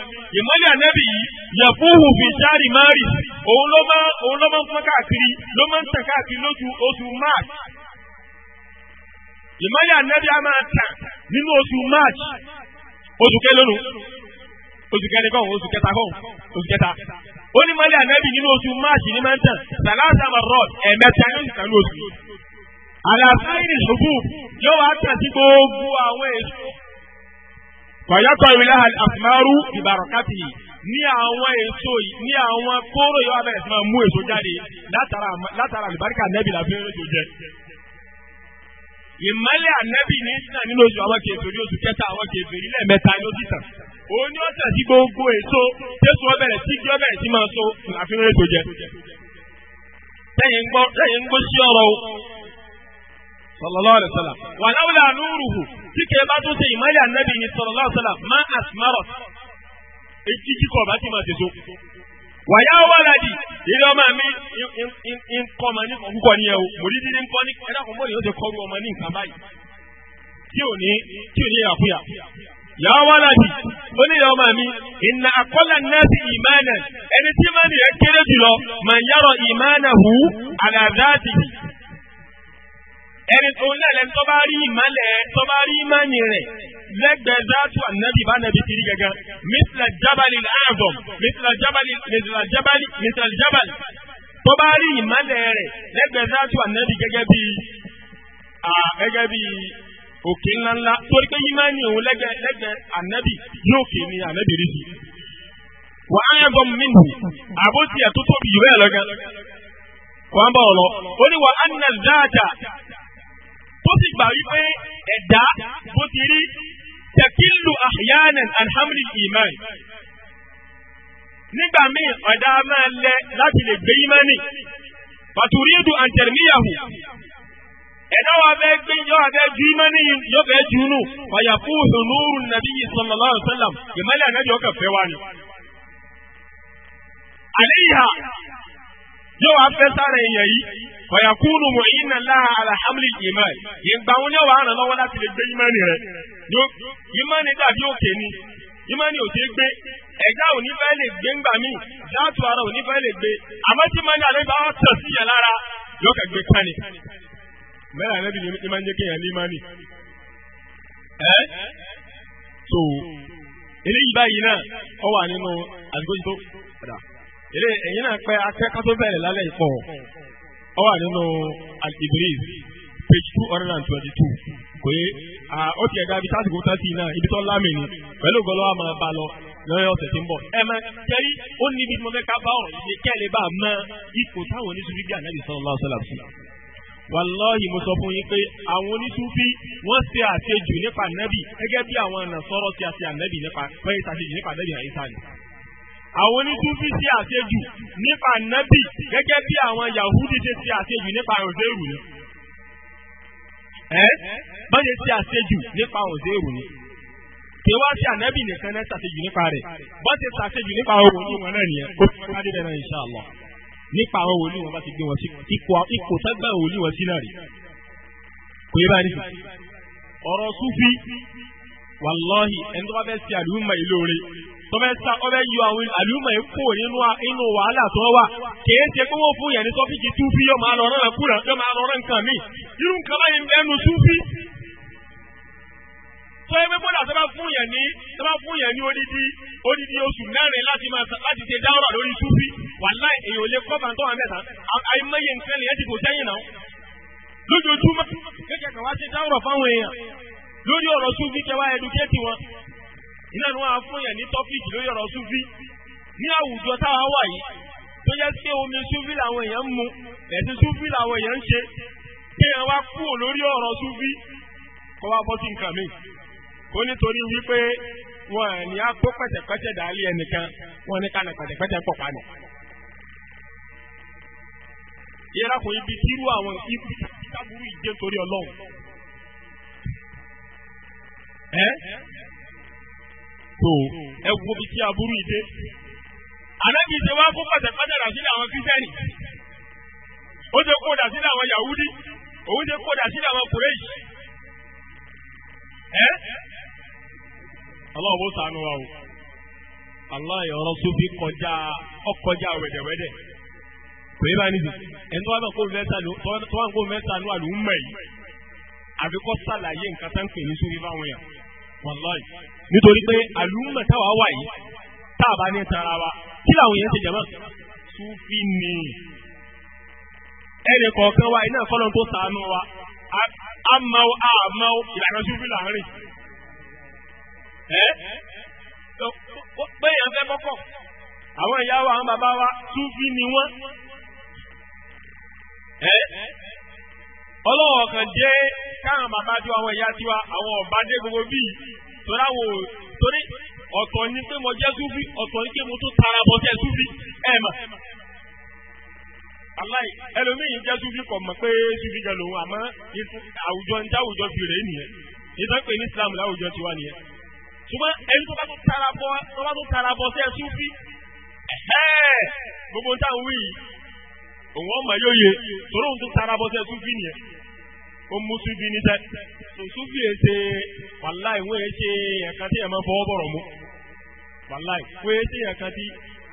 ànábì yìí fi sáàrì márì òun ló máa òun ló máa ń fọ́n káàkiri ló máa ń tàn káàkiri lójú oṣù march ànábì á máa tàn nínú oṣù ó ní mọ́lẹ̀ ànábì nínú oṣù máàsì ní mẹ́ntàn sàlásà mọ̀rọ̀ ẹ̀mẹ́ta ní ìsàlú oṣù. àlàáfíà ìṣòfò yóò wá tàn sí gbogbo àwọn èso. kọ̀yọ́tọ̀ ìwìlẹ̀ àfìmárù ìbàrọ̀kátì ní àwọn èso yìí ní àwọn kóró yóò abẹ́rẹ́ sí máa mú èso jáde látara àlùbáríkà ànábì làbí oṣù jẹ. ìmọ́lẹ̀ ànábì ní sísan nínú oṣù àwọn kèfèrí oṣù kẹta àwọn kèfèrí onye ni ọ̀sẹ̀ tí gbogbo èso tẹ̀sùn ọbẹ̀rẹ̀ tí jẹ́ obere tí so àfihàn ètò jẹ. lẹ́yìn ń gbọ́ sí ọ̀rọ̀ o sallallahu alaihi wasallam wa lawla tí kìí bá tún ṣe ìmọ̀lẹ̀ ànábì ni sallallahu alaihi wasallam ma asmarot etí kíkọ̀ bá ti máa tẹ̀sọ́. wàyà wàlàdì ilé ọmọ mi ní ẹ o ní ní ti yàá wàlá bi ó ní yàá màmí ìnà àkọlà nẹ́ẹ̀sì ìmánà ẹni tí ìmánà yẹn kéré jùlọ mà ń yàrá ìmánà hù àlàdáàtì ẹni tó ń lẹ̀lẹ́ tó bá rí ìmánà tó bá rí ìmánì rẹ̀ lẹ́gbẹ̀ẹ́ dáàtú ànábì bá nàbí kiri gẹ́gẹ́ mísìlẹ̀ jábàlì ààbọ̀ mísìlẹ̀ jábàlì mísìlẹ̀ jábàlì mísìlẹ̀ jábàlì tó bá rí ìmánà rẹ̀ lẹ́gbẹ̀ẹ́ dáàtú ànábì gẹ́gẹ́ bíi gẹ́gẹ́ bíi òkè ńláńlá torí pé yìí máa ní òun lẹ́gbẹ̀ẹ́ ànábì yóò kè ní ànábì rí sí. wà á yẹ bọ́m mí nì àbótí ẹ̀ tó tóbi yìí bẹ́ẹ̀ lọ́gán wà á bọ̀ ọ̀lọ́ ó ní wà á nà dáadáa tó sì gbà wípé ẹ̀dá bó ti rí tẹ̀kílù àhìyánan alhamdu iman nígbà míì ọ̀dà máa lẹ láti lè gbé yìí máa nì pàtùrí dùn àǹtẹ̀rẹ̀míyàwó táwọn abẹ́ gbé yọ abẹ́ ju iná ní yóò fẹ́ ju inú fàyà fún òṣòlóòrù nàbí yìí sallallahu alaihi wasallam ìmọ̀lẹ̀ ànábì ọkàn fẹ́ wá ni. àléyà yóò wá fẹ́ sára èèyàn yìí fàyà kúnnù wọ̀ iná láha alhamdu ìmọ̀ ìgbà wọn yóò wá ràn lọ́wọ́ láti lè gbé ìmọ̀ rẹ̀ ìmọ̀ dàbí òkè ni ìmọ̀ ni òkè gbé ẹ̀dá òní fẹ́ lè gbé ńgbà míì dáàtú ara òní fẹ́ lè gbé àmọ́ tí mọ́ni àlẹ́ bá tẹ̀ sí yẹn lára yóò mẹ́rin ànábì ni máa ń jẹ́ kéèyàn ní mánì. ẹ́ tó eléyìí báyìí náà ọ wà nínú àdúgbò padà ilé ẹ̀yìn náà pẹ́ akẹ́kọ̀ọ́ bẹ̀rẹ̀ lálẹ́ ìpọ̀ ọ wà nínú al page two hundred and twenty-two pé ó ti ẹ̀dá ibi kó tá sí ibi tó lámì ni pẹ̀lú gọlọ́ àmọ́ bá lọ lọ́yọ̀ ọ̀sẹ̀ tí ń bọ̀. ẹ mọ kẹrí ó ní ibi tí mo fẹ́ ká bá ọ̀rọ̀ yìí kẹ́lẹ́ bá a mọ ipò táwọn oníṣubí bí ànábì wàláhì mo sọ fún yín pé àwọn onítúbí wọ́n ṣe àṣejù nípa nẹ́bì gẹ́gẹ́ bí àwọn ọ̀nà sọ̀rọ̀ ti àṣe ànẹ́bì nípa pẹ́ ìṣàṣejù nípa nẹ́bì àyíṣà ni. àwọn onítúbí ṣe àṣejù nípa nẹ́bì gẹ́gẹ́ bí àwọn yahudi ṣe ṣe àṣejù nípa òzèrù ni. ẹ bọ́dẹ̀ ṣe àṣejù nípa òzèrù ni. kí wá ṣe ànẹ́bì nìkan ṣàṣejù nípa rẹ̀ bọ́dẹ̀ ṣàṣejù nípa òwò nípa àwọn wòlíì wọn bá ti gbé wọn sí ipò ipò sẹgbẹ wòlíì wọn sí náà rí kò yẹ báyìí nìkan ọ̀rọ̀ sufi wàlọhì ẹni tó bá fẹ́ ṣe àlùmọ ìlóore tó fẹ́ sá ọbẹ yọ àwọn àlùmọ ìkó nínú inú wàhálà tó wà kìí ṣe pé wọn fún yẹn ní sọfíìkì sufi yóò máa lọ rán ẹkú rẹ máa lọ rán nǹkan míì irú nǹkan báyìí ń bẹ́ẹ̀ nu sufi tó ẹgbẹ́ bọ́dà tó bá fún yẹn ní tó bá fún yẹn ní odidi odidi oṣù mẹ́rin láti máa sàn láti ṣe dáwọ́rà lórí súfì wàhálà èèyàn lè kọ́ fàǹtọ́ àmì ẹ̀sán àìmọye nǹkan nìyẹn ti kò sẹ́yìn náà lójoojúmọ́ kékeré kan wá ṣe dáwọ́rà fáwọn èèyàn lórí ọ̀rọ̀ súfì kẹwàá ẹdùkéètì wọn iná ni wọ́n á fún yẹn ní tọ́pìkì lórí ọ̀rọ̀ súfì ní àwùjọ táwa wà yìí tó yẹ pé omi súfì làwọn èèyàn ń ó nítorí wípé wọn ní á kó pẹ̀tẹ̀pẹ̀tẹ̀ dálé ẹnìkan wọn ní kánà pẹ̀tẹ̀pẹ̀tẹ̀ pọ̀ pa yẹra kò ibi tírú àwọn ibi táburú ìdé torí ọlọ́run. ẹ tó ẹ wo ibi tí aburú ìdé. ànábì ṣe wá kó pẹ̀tẹ̀pẹ̀tẹ̀ dà sílẹ̀ àwọn kírísẹ́nì ó ṣe kó dà sílẹ̀ àwọn yahudi òun ṣe kó dà sílẹ̀ àwọn kùrẹ́yì. ẹ. ọlọ́run bó sànù wa o aláì ọ̀rọ̀ sófin kọjá ọkọjá wẹ̀dẹ̀wẹ̀dẹ̀ kò bá níbi ẹni tó wà kó mẹ́ta ló tó wà kó mẹ́ta ló àlù ń mẹ̀ yìí sàlàyé nǹkan tá ń pè ní sórí fáwọn yà wàláì nítorí pé àlù ń wà yìí tá a bá ní tara wa kí làwọn yẹn ti sófin ni ẹnì kọ̀ọ̀kan wa iná tó wa àmọ́ àmọ́ ìlànà ẹ́ péyàn fẹ́ kọ́kọ́ àwọn ìyá wa àwọn bàbá wa tún fi ni wọ́n ẹ́ ọlọ́wọ́ kan jẹ́ káwọn bàbá tiwa àwọn ìyá tiwa àwọn ọ̀bá gbogbo bíi torí torí ọ̀tọ̀ ni pé mo jẹ́ súfì ọ̀tọ̀ pé mo tún tara bọ́ jẹ́ súfì ẹ̀ mà. aláì ẹlòmíyìn jẹ́ súfì kọ̀ mọ̀ pé súfì jẹ́ lòun àmọ́ àwùjọ ní táwùjọ fi rèé nìyẹn ìtàn pé ní Islam láwùjọ nìyẹn. ṣùgbọ́n ẹni tó bá tó tara bọ́ tó bá tó tara bọ́ sí ẹ súnfí ẹ̀hẹ́ gbogbo ń táwọn wí yìí òun ọmọ yóò yẹ tòró ń tó tara bọ́ sí ẹ súnfí nìyẹn ó mú súnfí ní sẹ́ tó súnfí yẹn ṣe wàláì wọ́n yẹn ṣe ẹ̀ka tí yẹn máa fọwọ́ bọ̀rọ̀ mú wàláì wọ́n yẹn ṣe ẹ̀ka tí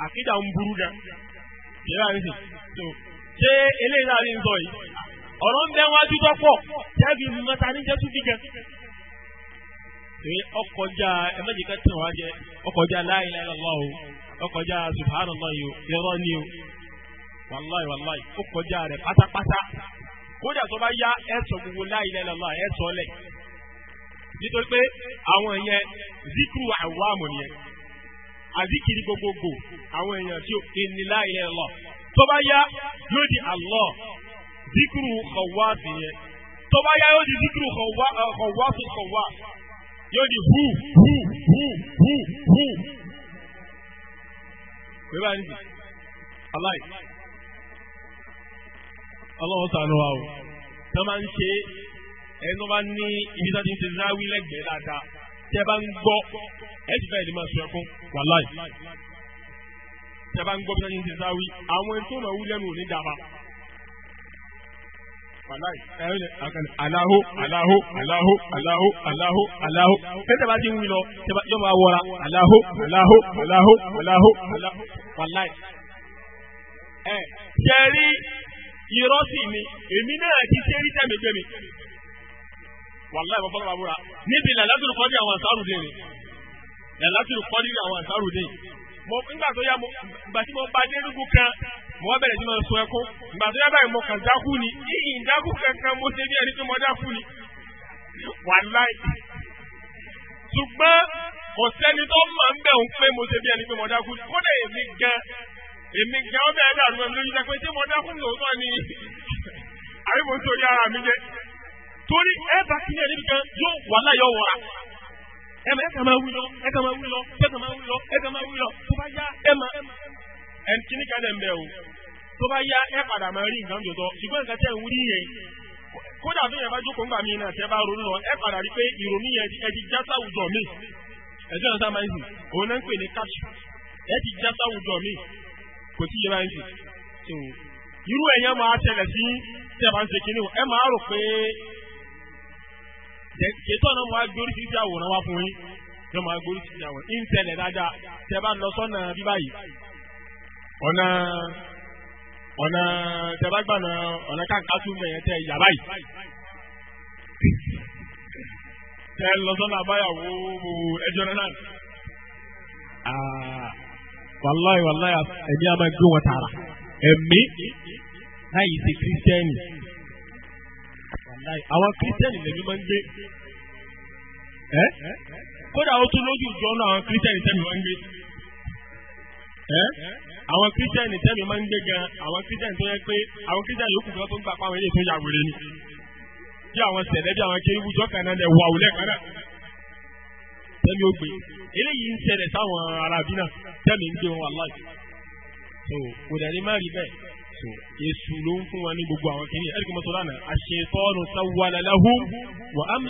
àkídà ń burú gan ìyá rẹ̀ sì tó ṣé eléyìí náà sọ yìí ọ̀rọ̀ ń bẹ́ wájú tọ́pọ̀ jáde ìlú ní jẹ́ pé ọkọjá ẹ má jẹ́ ọkọjá la o ọkọjá subhanallah irọ́ ni o wàláì wàláì ọkọjá rẹ̀ pátápátá kódà tó bá yá ẹ gbogbo la ilaha lẹ̀ nítorí pé àwọn àzikiri gbogbogbò àwọn èèyàn tí ó ní tó bá yá di kọ̀wá sí yẹn tó yóò di hu hu hu hu hu. pé báyìí nìyí aláì ọlọ́run sànù wa o tó máa ń ṣe ẹni tó bá ní ibi tó ti ń ṣe náwí lẹ́gbẹ̀ẹ́ dáadáa tẹ́ bá ń gbọ́ ẹ ti fẹ́ẹ́ máa sọ ẹkún wàláì tẹ́ bá ń gbọ́ bí wọ́n ti ń ṣe náwí àwọn ẹni tó wú lẹ́nu ò ní aláhó aláhó aláhó aláhó aláhó aláhó tẹ́tẹ́ bá ti ń wí lọ yọ máa wọra aláhó aláhó aláhó aláhó wàláì. ẹ ṣe rí irọ́ sí mi èmi náà ti ṣe rí tẹ̀mí gbẹ̀mí wàláì bọ́fọ́lá bá búra níbi làlátùrù kọ́dí àwọn àṣàrù dé ni làlátùrù kọ́dí àwọn àṣàrù dé. nígbà tó yá mo gbàtí mo bá dé rúgbù kan mo wá bẹ̀rẹ̀ sí máa sun ẹkún ìgbà tó yá báyìí mo kàn dákú ni yìí dákú kankan mo ṣe bí ẹni tó mọ dákú ni wàláì ṣùgbọ́n kò sẹ́ni tó máa ń bẹ̀ ń pé mo ṣe bí ẹni pé mo dákú ni kódà èmi gan èmi gan ó bẹ̀rẹ̀ dàrú ẹ̀mí lójú pé ṣé mo dákú lóòótọ́ ni àbí mo sọ yàrá mi jẹ torí ẹ bá kílẹ̀ níbi kan yóò wàláì yọ wọ̀ra ẹ máa wí lọ ẹ kà máa wí lọ ẹ kà máa wí lọ ẹ kà máa wí lọ ẹni kíní kan dẹ̀ ń bẹ̀ o tó bá yá ẹ padà máa rí nǹkan jòtọ́ ṣùgbọ́n nǹkan tẹ̀ ń wúrí yẹn kódà tó yẹn bá jókòó ńgbà mí náà tẹ́ bá ronú lọ ẹ padà rí pé ìrònú yẹn ẹ ti já sáwùjọ mi ẹjọ́ náà sáà máa ń sìn òun náà ń pè ní capsule ẹ ti já sáwùjọ mi kò tí yẹ máa ń sìn so irú ẹ̀yàn máa tẹ̀lẹ̀ sí tẹ̀ máa ń ṣe kinní ẹ máa rò pé ètò ọ̀nà máa gbórí sí àwòrán wá fún yín yóò máa gbórí sí àwòrán ń dáadáa tẹ bá lọ sọ́nà bíbáyìí ọ̀nà ọ̀nà tẹ́bàgbàna ọ̀nà káàkátú mẹ́yẹ tẹ́ yàrá yìí tẹ́ lọ́sọ́nà àbáyàwó ẹjọ́ náà wàláyé wàláyé ẹ̀mí a máa gbé wọn tààrà ẹ̀mí láyé ṣe kírísítẹ́nì wàláyé àwọn kírísítẹ́nì lèmi máa ń gbé ẹ́ kódà ó tún lójú ìjọ náà àwọn kírísítẹ́nì tẹ́mi máa ń gbé àwọn kírísítẹ́nì tẹ́mi máa ń gbé gan àwọn kírísítẹ́nì tó yẹ pé àwọn kírísítẹ́nì yòókù kan tó ń gbapá àwọn ilé tó yàwó ni bí àwọn sẹ̀lẹ̀ bí àwọn kérúbù jọ́kàn náà lẹ̀ wà náà tẹ́mi ó gbé eléyìí ń sáwọn arábí náà tẹ́mi so kò ní má rí bẹ́ẹ̀ so èṣù ló ń fún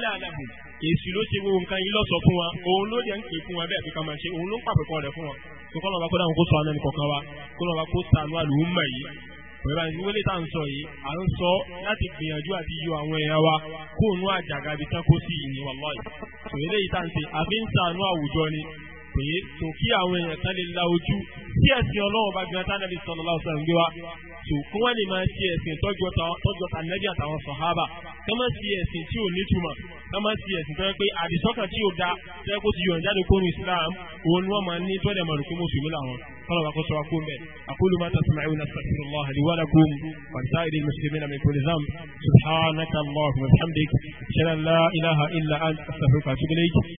wọn ní èsì ló ṣe wo nǹkan yìí lọ́sọ̀ fún wa òun ló dẹ̀ ń pè fún wa bẹ́ẹ̀ pé ká máa ṣe òun ló ń pàpẹ́ kọ́ rẹ̀ fún wa tó kọ́ lọ́ba kó dáhùn kó sọ àná nìkan kan wa kó lọ́ba kó sànú àlùmọ̀ yìí pẹ̀lú àti wọlé tá à ń sọ yìí à ń sọ láti gbìyànjú àti yọ àwọn èèyàn wa kó òun àjàgà ibi tán kó sí ìní wàláhì tó eléyìí tá à ń ṣe àfi ń sànú àwùjọ ni pé tó kí àwọn èèyàn tán lè la ojú sí ẹ̀sìn ọlọ́run bá gbìyànjú tánàbí sallallahu alaihi wasallam ètò kí wọ́n lè máa ṣe ẹ̀sìn tọ́jọ́ta nẹ́bí àtàwọn sọ̀hábà kí wọ́n ṣe ẹ̀sìn tí ò nítumọ̀ kí wọ́n ṣe ẹ̀sìn tó yẹ pé àdìsọ́kàn tí ò da tó yẹ kó ti yọ̀ jáde kó Islam òun ni wọ́n máa ní tọ́lẹ̀ mọ̀rù kí mùsùlùmí làwọn kọ́lọ̀ bá kó sọ akó mbẹ́ aqulu ma tasma'una astaghfirullah li wa lakum wa lisa'iril muslimina min kulli dhanb ilaha illa anta astaghfiruka